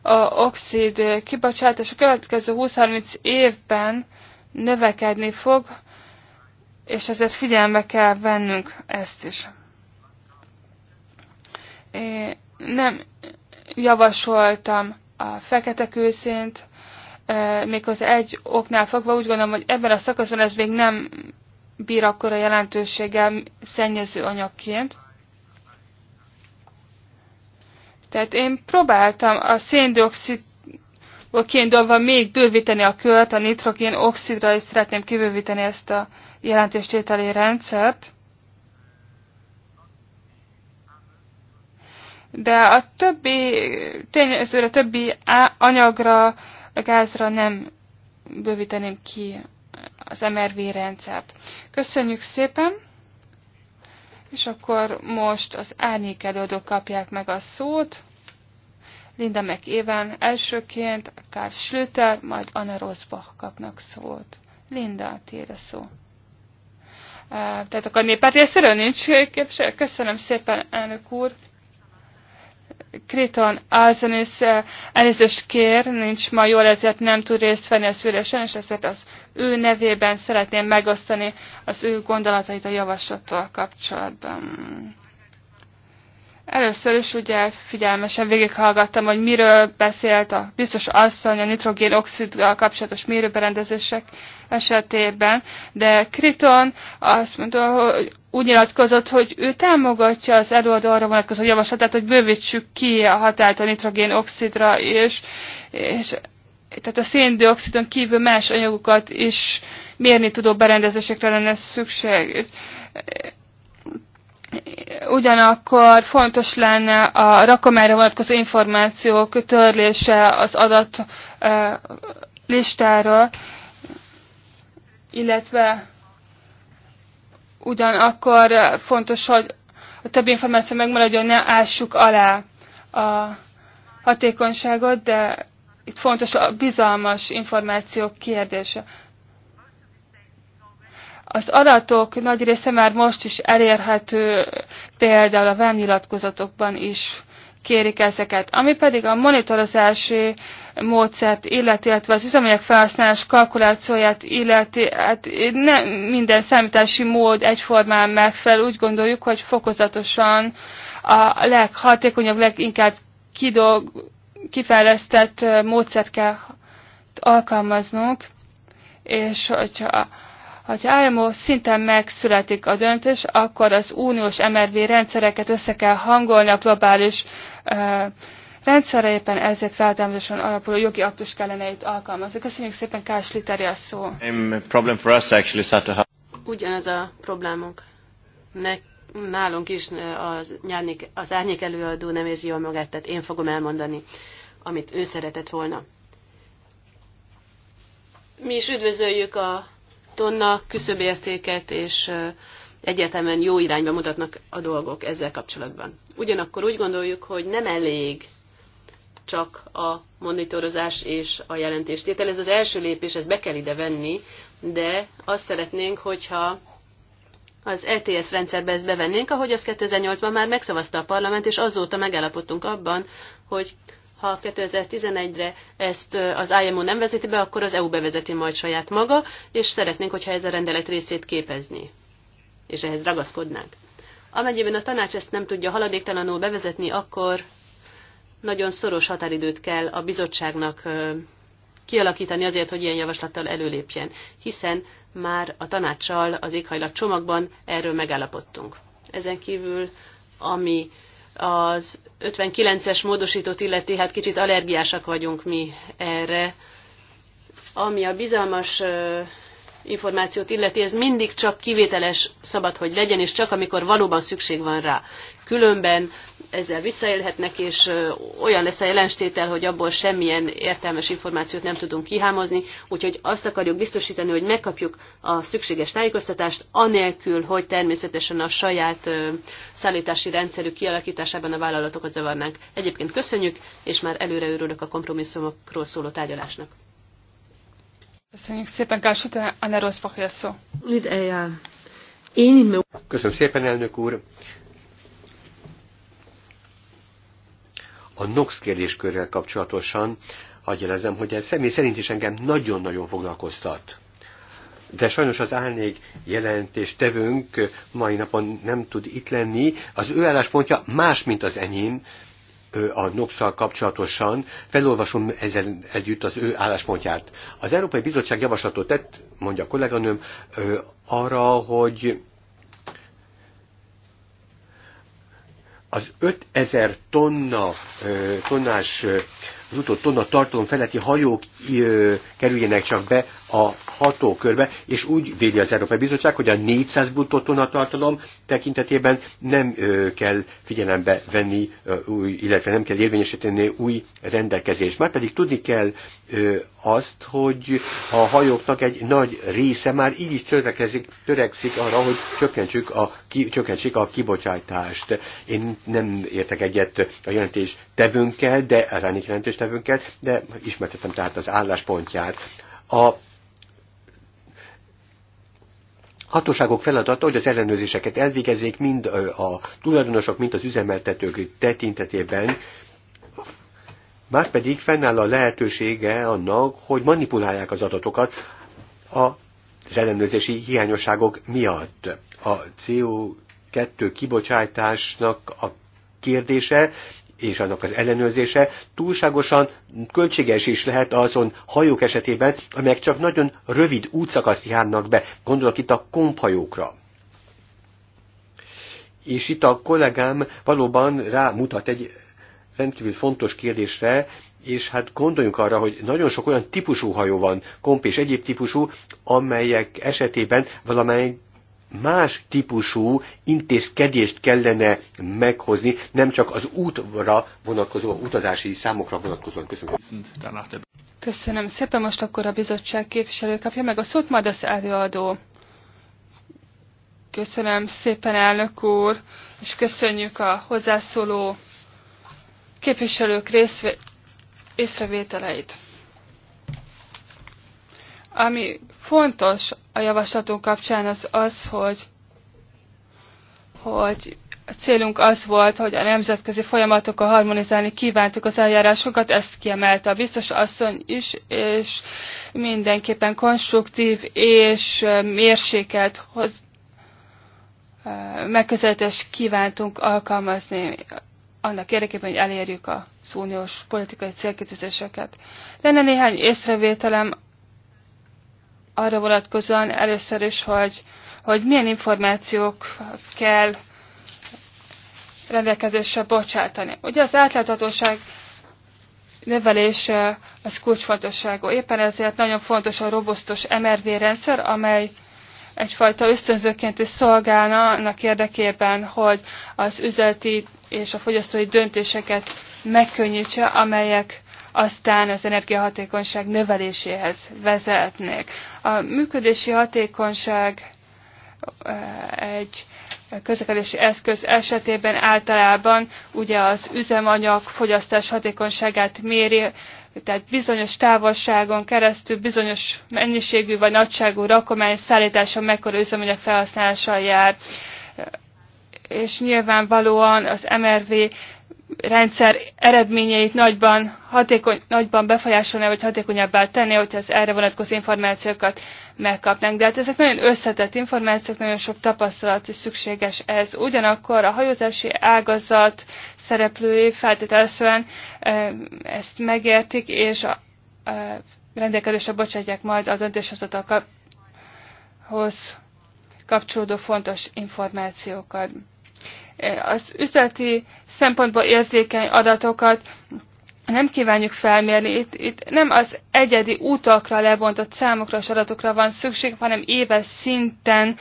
a oxid kibocsátás a következő 20-30 évben növekedni fog, és ezért figyelme kell vennünk ezt is. Én nem javasoltam a fekete kőszint, méghozzá egy oknál fogva úgy gondolom, hogy ebben a szakaszban ez még nem bír akkora jelentőséggel szennyező anyagként. Tehát én próbáltam a széndiokszid kiindulva még bővíteni a költ, a nitrogén oxidra is szeretném kibővíteni ezt a jelentéstételi rendszert. De a többi tényezőre, többi anyagra a gázra nem bővíteném ki az MRV rendszert. Köszönjük szépen! És akkor most az árnyékelődők kapják meg a szót. Linda meg Éven elsőként, Karl Schlüter, majd Anna Rosbach kapnak szót. Linda, tiéd a szó. Tehát akkor néppárt nincs képviselő. Köszönöm szépen, elnök úr. Kriton Alzenis eh, elnézést kér, nincs ma jól, ezért nem tud részt venni az szülésen, és ezért az ő nevében szeretném megosztani az ő gondolatait a javaslattal kapcsolatban. Először is ugye figyelmesen végighallgattam, hogy miről beszélt a biztos asszony a nitrogén-oxiddal kapcsolatos mérőberendezések esetében, de Kriton azt mondta, hogy úgy nyilatkozott, hogy ő támogatja az előadó arra vonatkozó javaslatát, hogy bővítsük ki a hatályt a nitrogén-oxidra, és, és tehát a széndioxidon kívül más anyagokat is mérni tudó berendezésekre lenne szükség Ugyanakkor fontos lenne a rakomára vonatkozó információk törlése az adat listáról, illetve ugyanakkor fontos, hogy a többi információ megmaradjon, ne ássuk alá a hatékonyságot, de itt fontos a bizalmas információk kérdése. Az adatok nagy része már most is elérhető, például a vámnyilatkozatokban is kérik ezeket. Ami pedig a monitorozási módszert illeti, illetve az üzemanyag felhasználás kalkulációját illeti, hát nem minden számítási mód egyformán megfelel. Úgy gondoljuk, hogy fokozatosan a leghatékonyabb, leginkább kidolg, kifejlesztett módszert kell alkalmaznunk, és hogyha Hogyha IMO szinten megszületik a döntés, akkor az uniós MRV rendszereket össze kell hangolni a globális rendszerre éppen ezért feltámadáson alapuló jogi aktus kellene itt alkalmazni. Köszönjük szépen, Kás Literi a szó. Ugyanaz a problémunk. Ne, nálunk is az, nyárnyék, az árnyék előadó nem érzi jól magát, tehát én fogom elmondani, amit ő szeretett volna. Mi is üdvözöljük a tonna küszöbértéket, és egyetemen jó irányba mutatnak a dolgok ezzel kapcsolatban. Ugyanakkor úgy gondoljuk, hogy nem elég csak a monitorozás és a jelentéstétel. Ez az első lépés, ezt be kell ide venni, de azt szeretnénk, hogyha az ETS rendszerbe ezt bevennénk, ahogy az 2008-ban már megszavazta a parlament, és azóta megállapodtunk abban, hogy ha 2011-re ezt az IMO nem vezeti be, akkor az EU bevezeti majd saját maga, és szeretnénk, hogyha ez a rendelet részét képezni, és ehhez ragaszkodnánk. Amennyiben a tanács ezt nem tudja haladéktalanul bevezetni, akkor nagyon szoros határidőt kell a bizottságnak kialakítani azért, hogy ilyen javaslattal előlépjen, hiszen már a tanácssal az éghajlat csomagban erről megállapodtunk. Ezen kívül, ami az 59-es módosítót illeti, hát kicsit allergiásak vagyunk mi erre. Ami a bizalmas információt illeti, ez mindig csak kivételes szabad, hogy legyen, és csak amikor valóban szükség van rá különben ezzel visszaélhetnek, és olyan lesz a jelenstétel, hogy abból semmilyen értelmes információt nem tudunk kihámozni, úgyhogy azt akarjuk biztosítani, hogy megkapjuk a szükséges tájékoztatást, anélkül, hogy természetesen a saját szállítási rendszerük kialakításában a vállalatokat zavarnánk. Egyébként köszönjük, és már előre örülök a kompromisszumokról szóló tárgyalásnak. Köszönjük szépen, Kásut, Anna Rosbach, Köszönöm szépen, elnök úr. a NOx kérdéskörrel kapcsolatosan hagyjelezem, hogy ez személy szerint is engem nagyon-nagyon foglalkoztat. De sajnos az álnék tevünk mai napon nem tud itt lenni. Az ő álláspontja más, mint az enyém a nox kapcsolatosan. Felolvasom ezzel együtt az ő álláspontját. Az Európai Bizottság javaslatot tett, mondja a kolléganőm, arra, hogy az 5000 tonna, tonnás, az utó tonna tartalom feletti hajók kerüljenek csak be a hatókörbe, és úgy védi az Európai Bizottság, hogy a 400 bruttó tonatartalom tekintetében nem ö, kell figyelembe venni, ö, új, illetve nem kell érvényesíteni új rendelkezést. Már pedig tudni kell ö, azt, hogy a hajóknak egy nagy része már így is törekszik, törekszik arra, hogy csökkentsük a, ki, csökkentsük a kibocsátást. Én nem értek egyet a jelentés tevőnkkel, de ránik jelentés tevőnkkel, de ismertetem tehát az álláspontját. A hatóságok feladata, hogy az ellenőrzéseket elvégezzék mind a tulajdonosok, mind az üzemeltetők tekintetében, márpedig fennáll a lehetősége annak, hogy manipulálják az adatokat az ellenőrzési hiányosságok miatt. A CO2 kibocsátásnak a kérdése és annak az ellenőrzése túlságosan költséges is lehet azon hajók esetében, amelyek csak nagyon rövid útszakaszt járnak be. Gondolok itt a komphajókra. És itt a kollégám valóban rámutat egy rendkívül fontos kérdésre, és hát gondoljunk arra, hogy nagyon sok olyan típusú hajó van, komp és egyéb típusú, amelyek esetében valamelyik más típusú intézkedést kellene meghozni, nem csak az útra vonatkozó, utazási számokra vonatkozóan. Köszönöm. Köszönöm szépen. Most akkor a bizottság képviselő kapja meg a szót, majd az előadó. Köszönöm szépen, elnök úr, és köszönjük a hozzászóló képviselők részve észrevételeit. Ami Fontos a javaslatunk kapcsán az az, hogy, hogy a célunk az volt, hogy a nemzetközi folyamatokkal harmonizálni kívántuk az eljárásokat, ezt kiemelte a biztos asszony is, és mindenképpen konstruktív és mérsékelt hoz, megközelítést kívántunk alkalmazni annak érdekében, hogy elérjük az uniós politikai célkitűzéseket. Lenne néhány észrevételem arra vonatkozóan először is, hogy, hogy milyen információk kell rendelkezésre bocsátani. Ugye az átláthatóság növelése az kulcsfontosságú. Éppen ezért nagyon fontos a robusztus MRV rendszer, amely egyfajta ösztönzőként is szolgálna annak érdekében, hogy az üzleti és a fogyasztói döntéseket megkönnyítse, amelyek aztán az energiahatékonyság növeléséhez vezetnék. A működési hatékonyság egy közlekedési eszköz esetében általában ugye az üzemanyag fogyasztás hatékonyságát méri, tehát bizonyos távolságon keresztül bizonyos mennyiségű vagy nagyságú rakomány szállítása mekkora üzemanyag felhasználással jár. És nyilvánvalóan az MRV rendszer eredményeit nagyban, hatékony, nagyban befolyásolná, vagy hatékonyabbá tenni, hogyha az erre vonatkozó információkat megkapnánk. De hát ezek nagyon összetett információk, nagyon sok tapasztalat is szükséges ez. Ugyanakkor a hajózási ágazat szereplői feltételezően ezt megértik, és a, a rendelkezésre bocsátják majd a döntéshozatalhoz kapcsolódó fontos információkat az üzleti szempontból érzékeny adatokat nem kívánjuk felmérni. Itt, itt nem az egyedi utakra lebontott számokra és adatokra van szükség, hanem éves szinten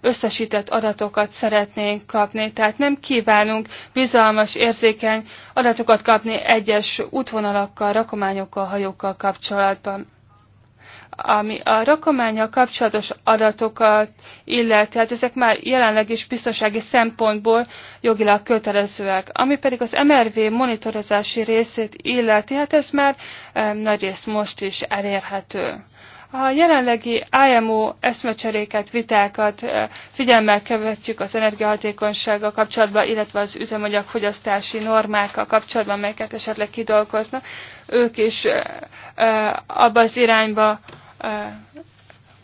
összesített adatokat szeretnénk kapni. Tehát nem kívánunk bizalmas, érzékeny adatokat kapni egyes útvonalakkal, rakományokkal, hajókkal kapcsolatban ami a rakományjal kapcsolatos adatokat illet, tehát ezek már jelenleg is biztonsági szempontból jogilag kötelezőek. Ami pedig az MRV monitorozási részét illeti, hát ez már um, rész most is elérhető. A jelenlegi IMO eszmecseréket, vitákat figyelmel követjük az energiahatékonysággal kapcsolatban, illetve az üzemanyagfogyasztási normákkal kapcsolatban, melyeket esetleg kidolgoznak. Ők is abba az irányba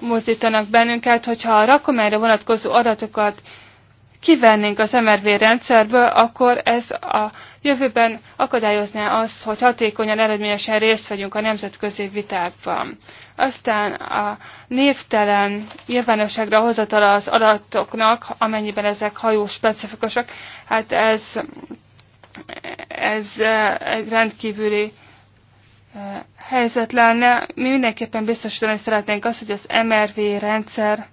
mozdítanak bennünket, hogyha a rakományra vonatkozó adatokat kivennénk az MRV rendszerből, akkor ez a jövőben akadályozná azt, hogy hatékonyan, eredményesen részt vegyünk a nemzetközi vitákban. Aztán a névtelen nyilvánosságra hozatala az adatoknak, amennyiben ezek hajó specifikusak, hát ez, ez egy rendkívüli helyzet lenne. Mi mindenképpen biztosítani szeretnénk azt, hogy az MRV rendszer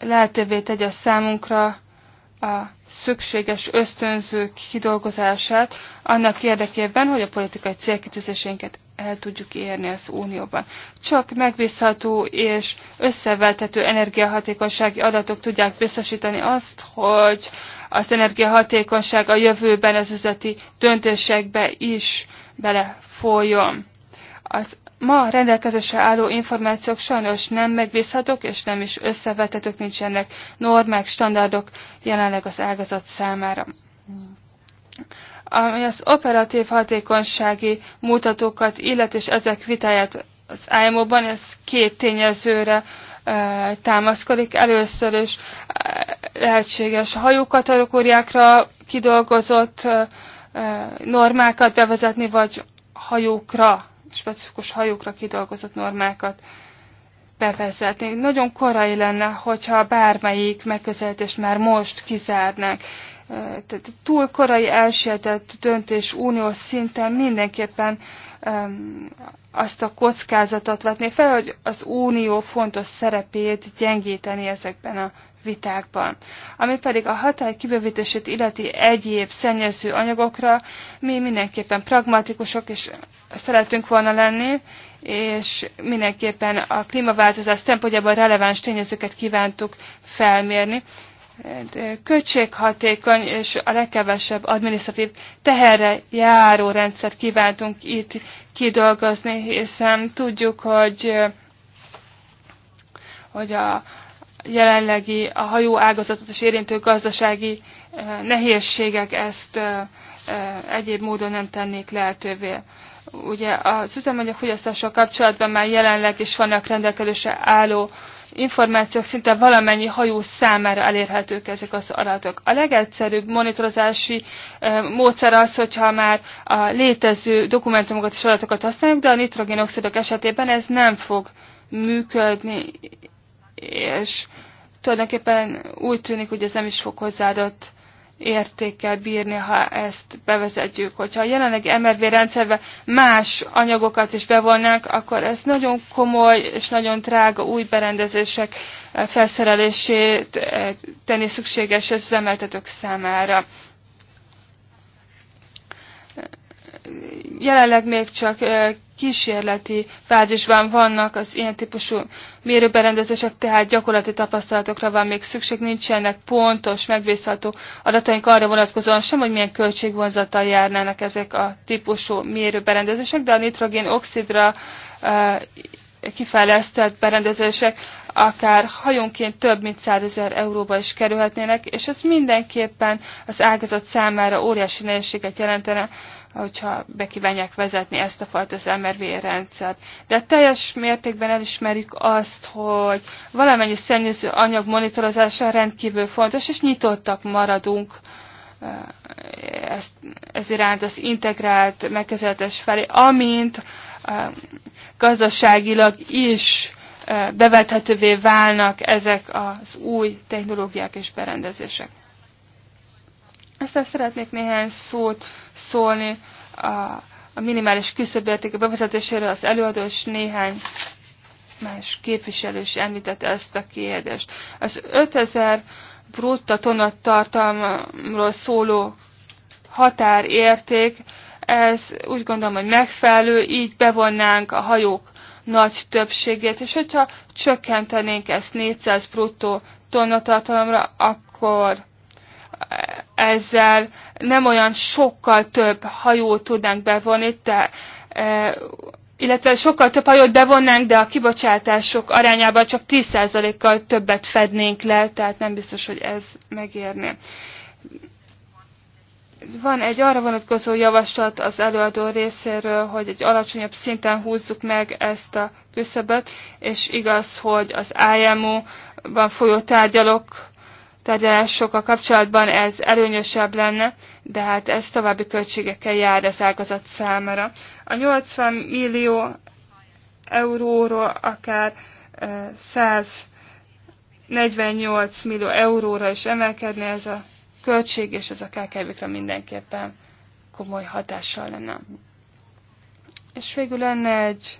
lehetővé tegye számunkra a szükséges ösztönzők kidolgozását annak érdekében, hogy a politikai célkitűzésénket el tudjuk érni az Unióban. Csak megbízható és összevethető energiahatékonysági adatok tudják biztosítani azt, hogy az energiahatékonyság a jövőben az üzleti döntésekbe is bele folyjon. Az ma rendelkezésre álló információk sajnos nem megbízhatók és nem is összevetetők, nincsenek normák, standardok jelenleg az ágazat számára ami az operatív hatékonysági mutatókat illet, és ezek vitáját az IMO-ban, ez két tényezőre e, támaszkodik. Először is e, lehetséges a kidolgozott e, normákat bevezetni, vagy hajókra, specifikus hajókra kidolgozott normákat bevezetni. Nagyon korai lenne, hogyha bármelyik megközelítést már most kizárnák. Tehát túl korai elsietett döntés uniós szinten mindenképpen azt a kockázatot vetné fel, hogy az unió fontos szerepét gyengíteni ezekben a vitákban. Ami pedig a hatály kibővítését illeti egyéb szennyező anyagokra, mi mindenképpen pragmatikusok és szeretünk volna lenni, és mindenképpen a klímaváltozás szempontjából releváns tényezőket kívántuk felmérni. Költséghatékony és a legkevesebb adminisztratív teherre járó rendszert kívántunk itt kidolgozni, hiszen tudjuk, hogy hogy a, jelenlegi a hajó ágazatot és érintő gazdasági eh, nehézségek ezt eh, eh, egyéb módon nem tennék lehetővé. Ugye az üzemanyagfogyasztással kapcsolatban már jelenleg is vannak rendelkezésre álló információk, szinte valamennyi hajó számára elérhetők ezek az adatok. A legegyszerűbb monitorozási módszer az, hogyha már a létező dokumentumokat és adatokat használjuk, de a nitrogénoxidok esetében ez nem fog működni, és tulajdonképpen úgy tűnik, hogy ez nem is fog hozzáadott értékkel bírni, ha ezt bevezetjük. Hogyha a jelenlegi MRV rendszerbe más anyagokat is bevonnánk, akkor ez nagyon komoly és nagyon drága új berendezések eh, felszerelését eh, tenni szükséges az üzemeltetők számára. jelenleg még csak kísérleti fázisban vannak az ilyen típusú mérőberendezések, tehát gyakorlati tapasztalatokra van még szükség, nincsenek pontos, megbízható adataink arra vonatkozóan sem, hogy milyen költségvonzattal járnának ezek a típusú mérőberendezések, de a nitrogén oxidra kifejlesztett berendezések akár hajónként több mint 100 ezer euróba is kerülhetnének, és ez mindenképpen az ágazat számára óriási nehézséget jelentene, hogyha bekívánják vezetni ezt a fajta az MRV rendszert. De teljes mértékben elismerjük azt, hogy valamennyi szennyező anyag monitorozása rendkívül fontos, és nyitottak maradunk eh, ezt, ez iránt az integrált megkezeltes felé, amint eh, gazdaságilag is eh, bevethetővé válnak ezek az új technológiák és berendezések. Aztán szeretnék néhány szót szólni a, a minimális küszöbértéke bevezetéséről az előadó, és néhány más képviselő is említette ezt a kérdést. Az 5000 brutta tonna tartalomról szóló határérték, ez úgy gondolom, hogy megfelelő, így bevonnánk a hajók nagy többségét, és hogyha csökkentenénk ezt 400 bruttó tonnatartalomra, akkor ezzel nem olyan sokkal több hajót tudnánk bevonni, de, e, illetve sokkal több hajót bevonnánk, de a kibocsátások arányában csak 10%-kal többet fednénk le, tehát nem biztos, hogy ez megérné. Van egy arra vonatkozó javaslat az előadó részéről, hogy egy alacsonyabb szinten húzzuk meg ezt a küszöböt, és igaz, hogy az IMO-ban folyó tárgyalok tárgyalásokkal kapcsolatban ez előnyösebb lenne, de hát ez további költségekkel jár az ágazat számára. A 80 millió euróról akár 148 millió euróra is emelkedne ez a költség, és ez a kkv mindenképpen komoly hatással lenne. És végül lenne egy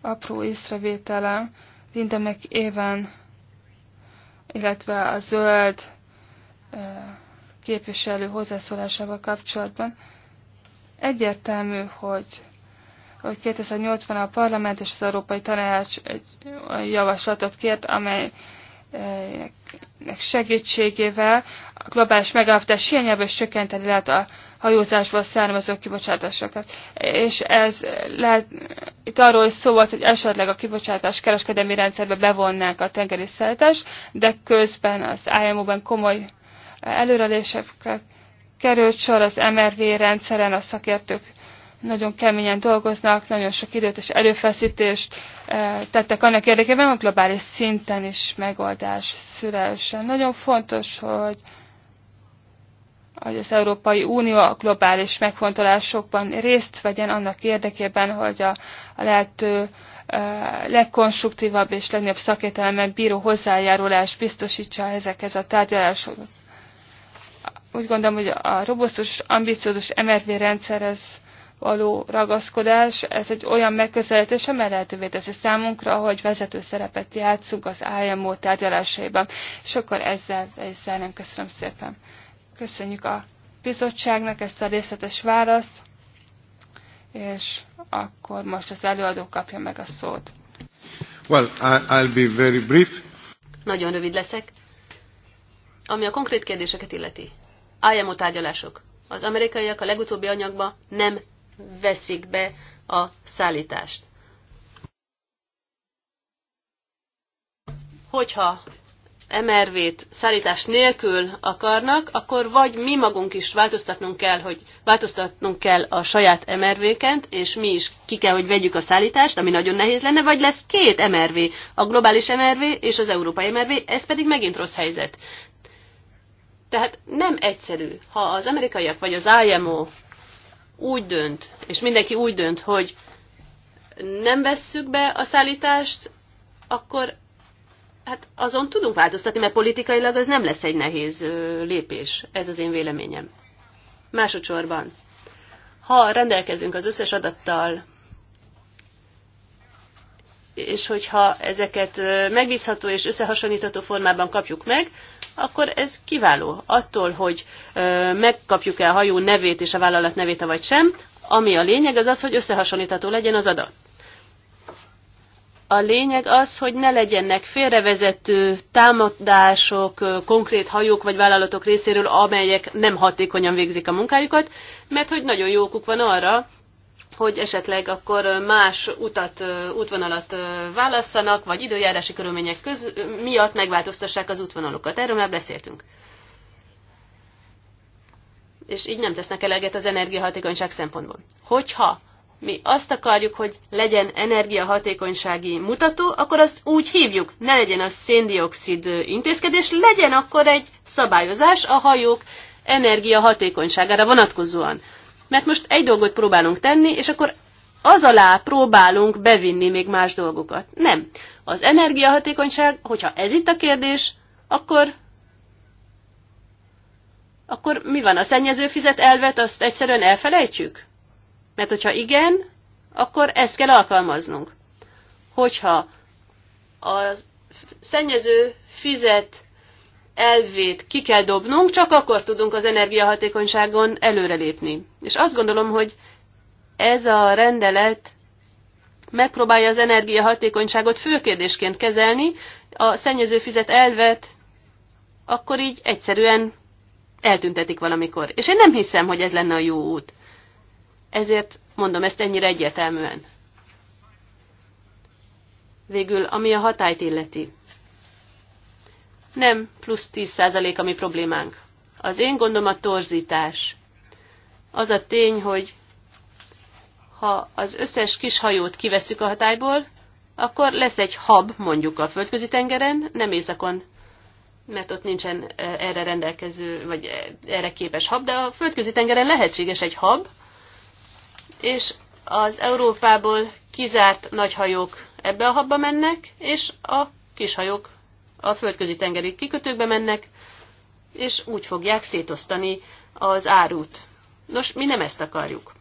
apró észrevételem meg éven illetve a zöld képviselő hozzászólásával kapcsolatban. Egyértelmű, hogy hogy 2008 ban a parlament és az Európai Tanács egy javaslatot kért, amelynek segítségével a globális megállapodás hiányába is csökkenteni lehet a hajózásból származó kibocsátásokat. És ez lehet, itt arról is szó volt, hogy esetleg a kibocsátás kereskedelmi rendszerbe bevonnák a tengeri szállítást, de közben az imo ben komoly előrelésekre került sor az MRV rendszeren, a szakértők nagyon keményen dolgoznak, nagyon sok időt és erőfeszítést eh, tettek annak érdekében, hogy globális szinten is megoldás szülessen. Nagyon fontos, hogy hogy az Európai Unió a globális megfontolásokban részt vegyen annak érdekében, hogy a, a lehető legkonstruktívabb és legnagyobb szakértelemben bíró hozzájárulás biztosítsa ezekhez a tárgyalásokhoz. Úgy gondolom, hogy a robusztus, ambiciózus MRV rendszerhez való ragaszkodás, ez egy olyan megközelítés, amely lehetővé teszi számunkra, hogy vezető szerepet játszunk az IMO tárgyalásaiban. És akkor ezzel, ezzel nem köszönöm szépen. Köszönjük a bizottságnak ezt a részletes választ, és akkor most az előadó kapja meg a szót. Well, I'll be very brief. Nagyon rövid leszek. Ami a konkrét kérdéseket illeti. IMO tárgyalások. Az amerikaiak a legutóbbi anyagba nem veszik be a szállítást. Hogyha MRV-t szállítás nélkül akarnak, akkor vagy mi magunk is változtatnunk kell, hogy változtatnunk kell a saját MRV-ként, és mi is ki kell, hogy vegyük a szállítást, ami nagyon nehéz lenne, vagy lesz két MRV, a globális MRV és az európai MRV, ez pedig megint rossz helyzet. Tehát nem egyszerű, ha az amerikaiak vagy az IMO úgy dönt, és mindenki úgy dönt, hogy nem vesszük be a szállítást, akkor Hát azon tudunk változtatni, mert politikailag ez nem lesz egy nehéz lépés. Ez az én véleményem. Másodszorban, ha rendelkezünk az összes adattal, és hogyha ezeket megbízható és összehasonlítható formában kapjuk meg, akkor ez kiváló. Attól, hogy megkapjuk-e a hajó nevét és a vállalat nevét, vagy sem, ami a lényeg, az az, hogy összehasonlítható legyen az adat. A lényeg az, hogy ne legyenek félrevezető támadások konkrét hajók vagy vállalatok részéről, amelyek nem hatékonyan végzik a munkájukat, mert hogy nagyon jókuk van arra, hogy esetleg akkor más utat, útvonalat válasszanak, vagy időjárási körülmények köz, miatt megváltoztassák az útvonalokat. Erről már beszéltünk. És így nem tesznek eleget az energiahatékonyság szempontból. Hogyha mi azt akarjuk, hogy legyen energiahatékonysági mutató, akkor azt úgy hívjuk, ne legyen az széndiokszid intézkedés, legyen akkor egy szabályozás a hajók energiahatékonyságára vonatkozóan. Mert most egy dolgot próbálunk tenni, és akkor az alá próbálunk bevinni még más dolgokat. Nem. Az energiahatékonyság, hogyha ez itt a kérdés, akkor akkor mi van? A szennyező fizet elvet azt egyszerűen elfelejtjük? Mert hogyha igen, akkor ezt kell alkalmaznunk. Hogyha a szennyező fizet elvét ki kell dobnunk, csak akkor tudunk az energiahatékonyságon előrelépni. És azt gondolom, hogy ez a rendelet megpróbálja az energiahatékonyságot főkérdésként kezelni, a szennyező fizet elvet, akkor így egyszerűen eltüntetik valamikor. És én nem hiszem, hogy ez lenne a jó út. Ezért mondom ezt ennyire egyértelműen. Végül, ami a hatályt illeti. Nem plusz 10% a mi problémánk. Az én gondom a torzítás. Az a tény, hogy ha az összes kis hajót kiveszük a hatályból, akkor lesz egy hab mondjuk a földközi tengeren, nem északon, mert ott nincsen eh, erre rendelkező, vagy eh, erre képes hab, de a földközi tengeren lehetséges egy hab, és az Európából kizárt nagyhajók ebbe a habba mennek, és a kishajók a földközi tengeri kikötőkbe mennek, és úgy fogják szétosztani az árut. Nos, mi nem ezt akarjuk.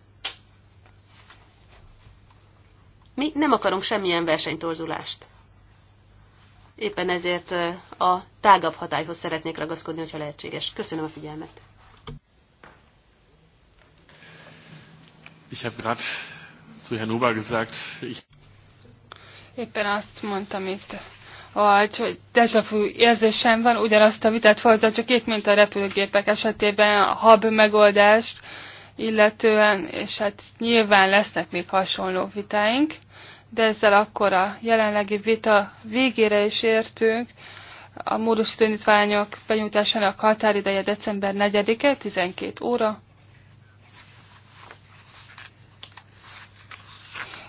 Mi nem akarunk semmilyen versenytorzulást. Éppen ezért eh, a tágabb hatályhoz szeretnék ragaszkodni, hogyha lehetséges. Köszönöm a figyelmet! Ich habe gerade zu Herrn Huber gesagt, ich Éppen azt mondtam itt, hogy, deja vu érzésem van, ugyanazt a vitát folytatjuk itt, mint a repülőgépek esetében a hab megoldást illetően, és hát nyilván lesznek még hasonló vitáink, de ezzel akkor a jelenlegi vita végére is értünk. A módosítőnyitványok benyújtásának határideje december 4-e, 12 óra.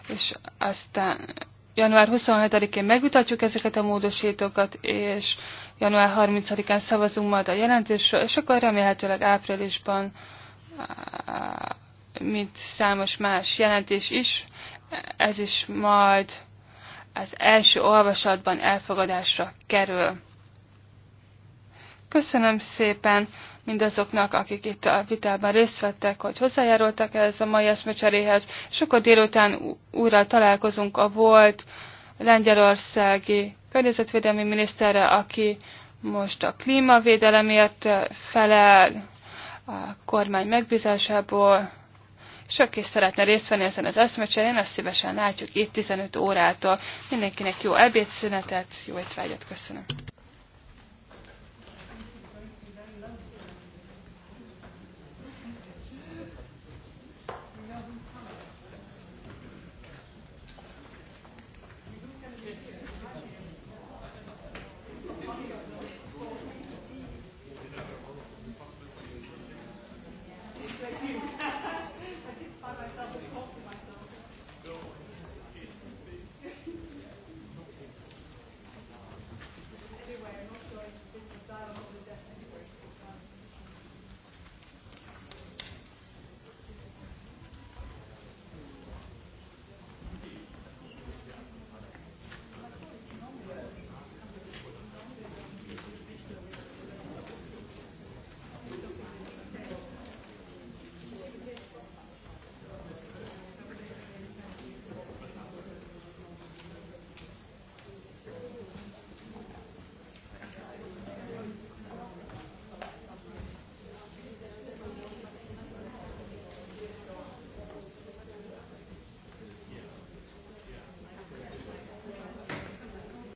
és aztán január 27-én megmutatjuk ezeket a módosítókat, és január 30-án szavazunk majd a jelentésről, és akkor remélhetőleg áprilisban, mint számos más jelentés is, ez is majd az első olvasatban elfogadásra kerül. Köszönöm szépen mindazoknak, akik itt a vitában részt vettek, hogy hozzájárultak ez a mai eszmecseréhez, és akkor délután újra találkozunk a volt lengyelországi környezetvédelmi miniszterre, aki most a klímavédelemért felel a kormány megbízásából, és aki szeretne részt venni ezen az eszmecserén, azt szívesen látjuk itt 15 órától. Mindenkinek jó ebédszünetet, jó étvágyat, köszönöm.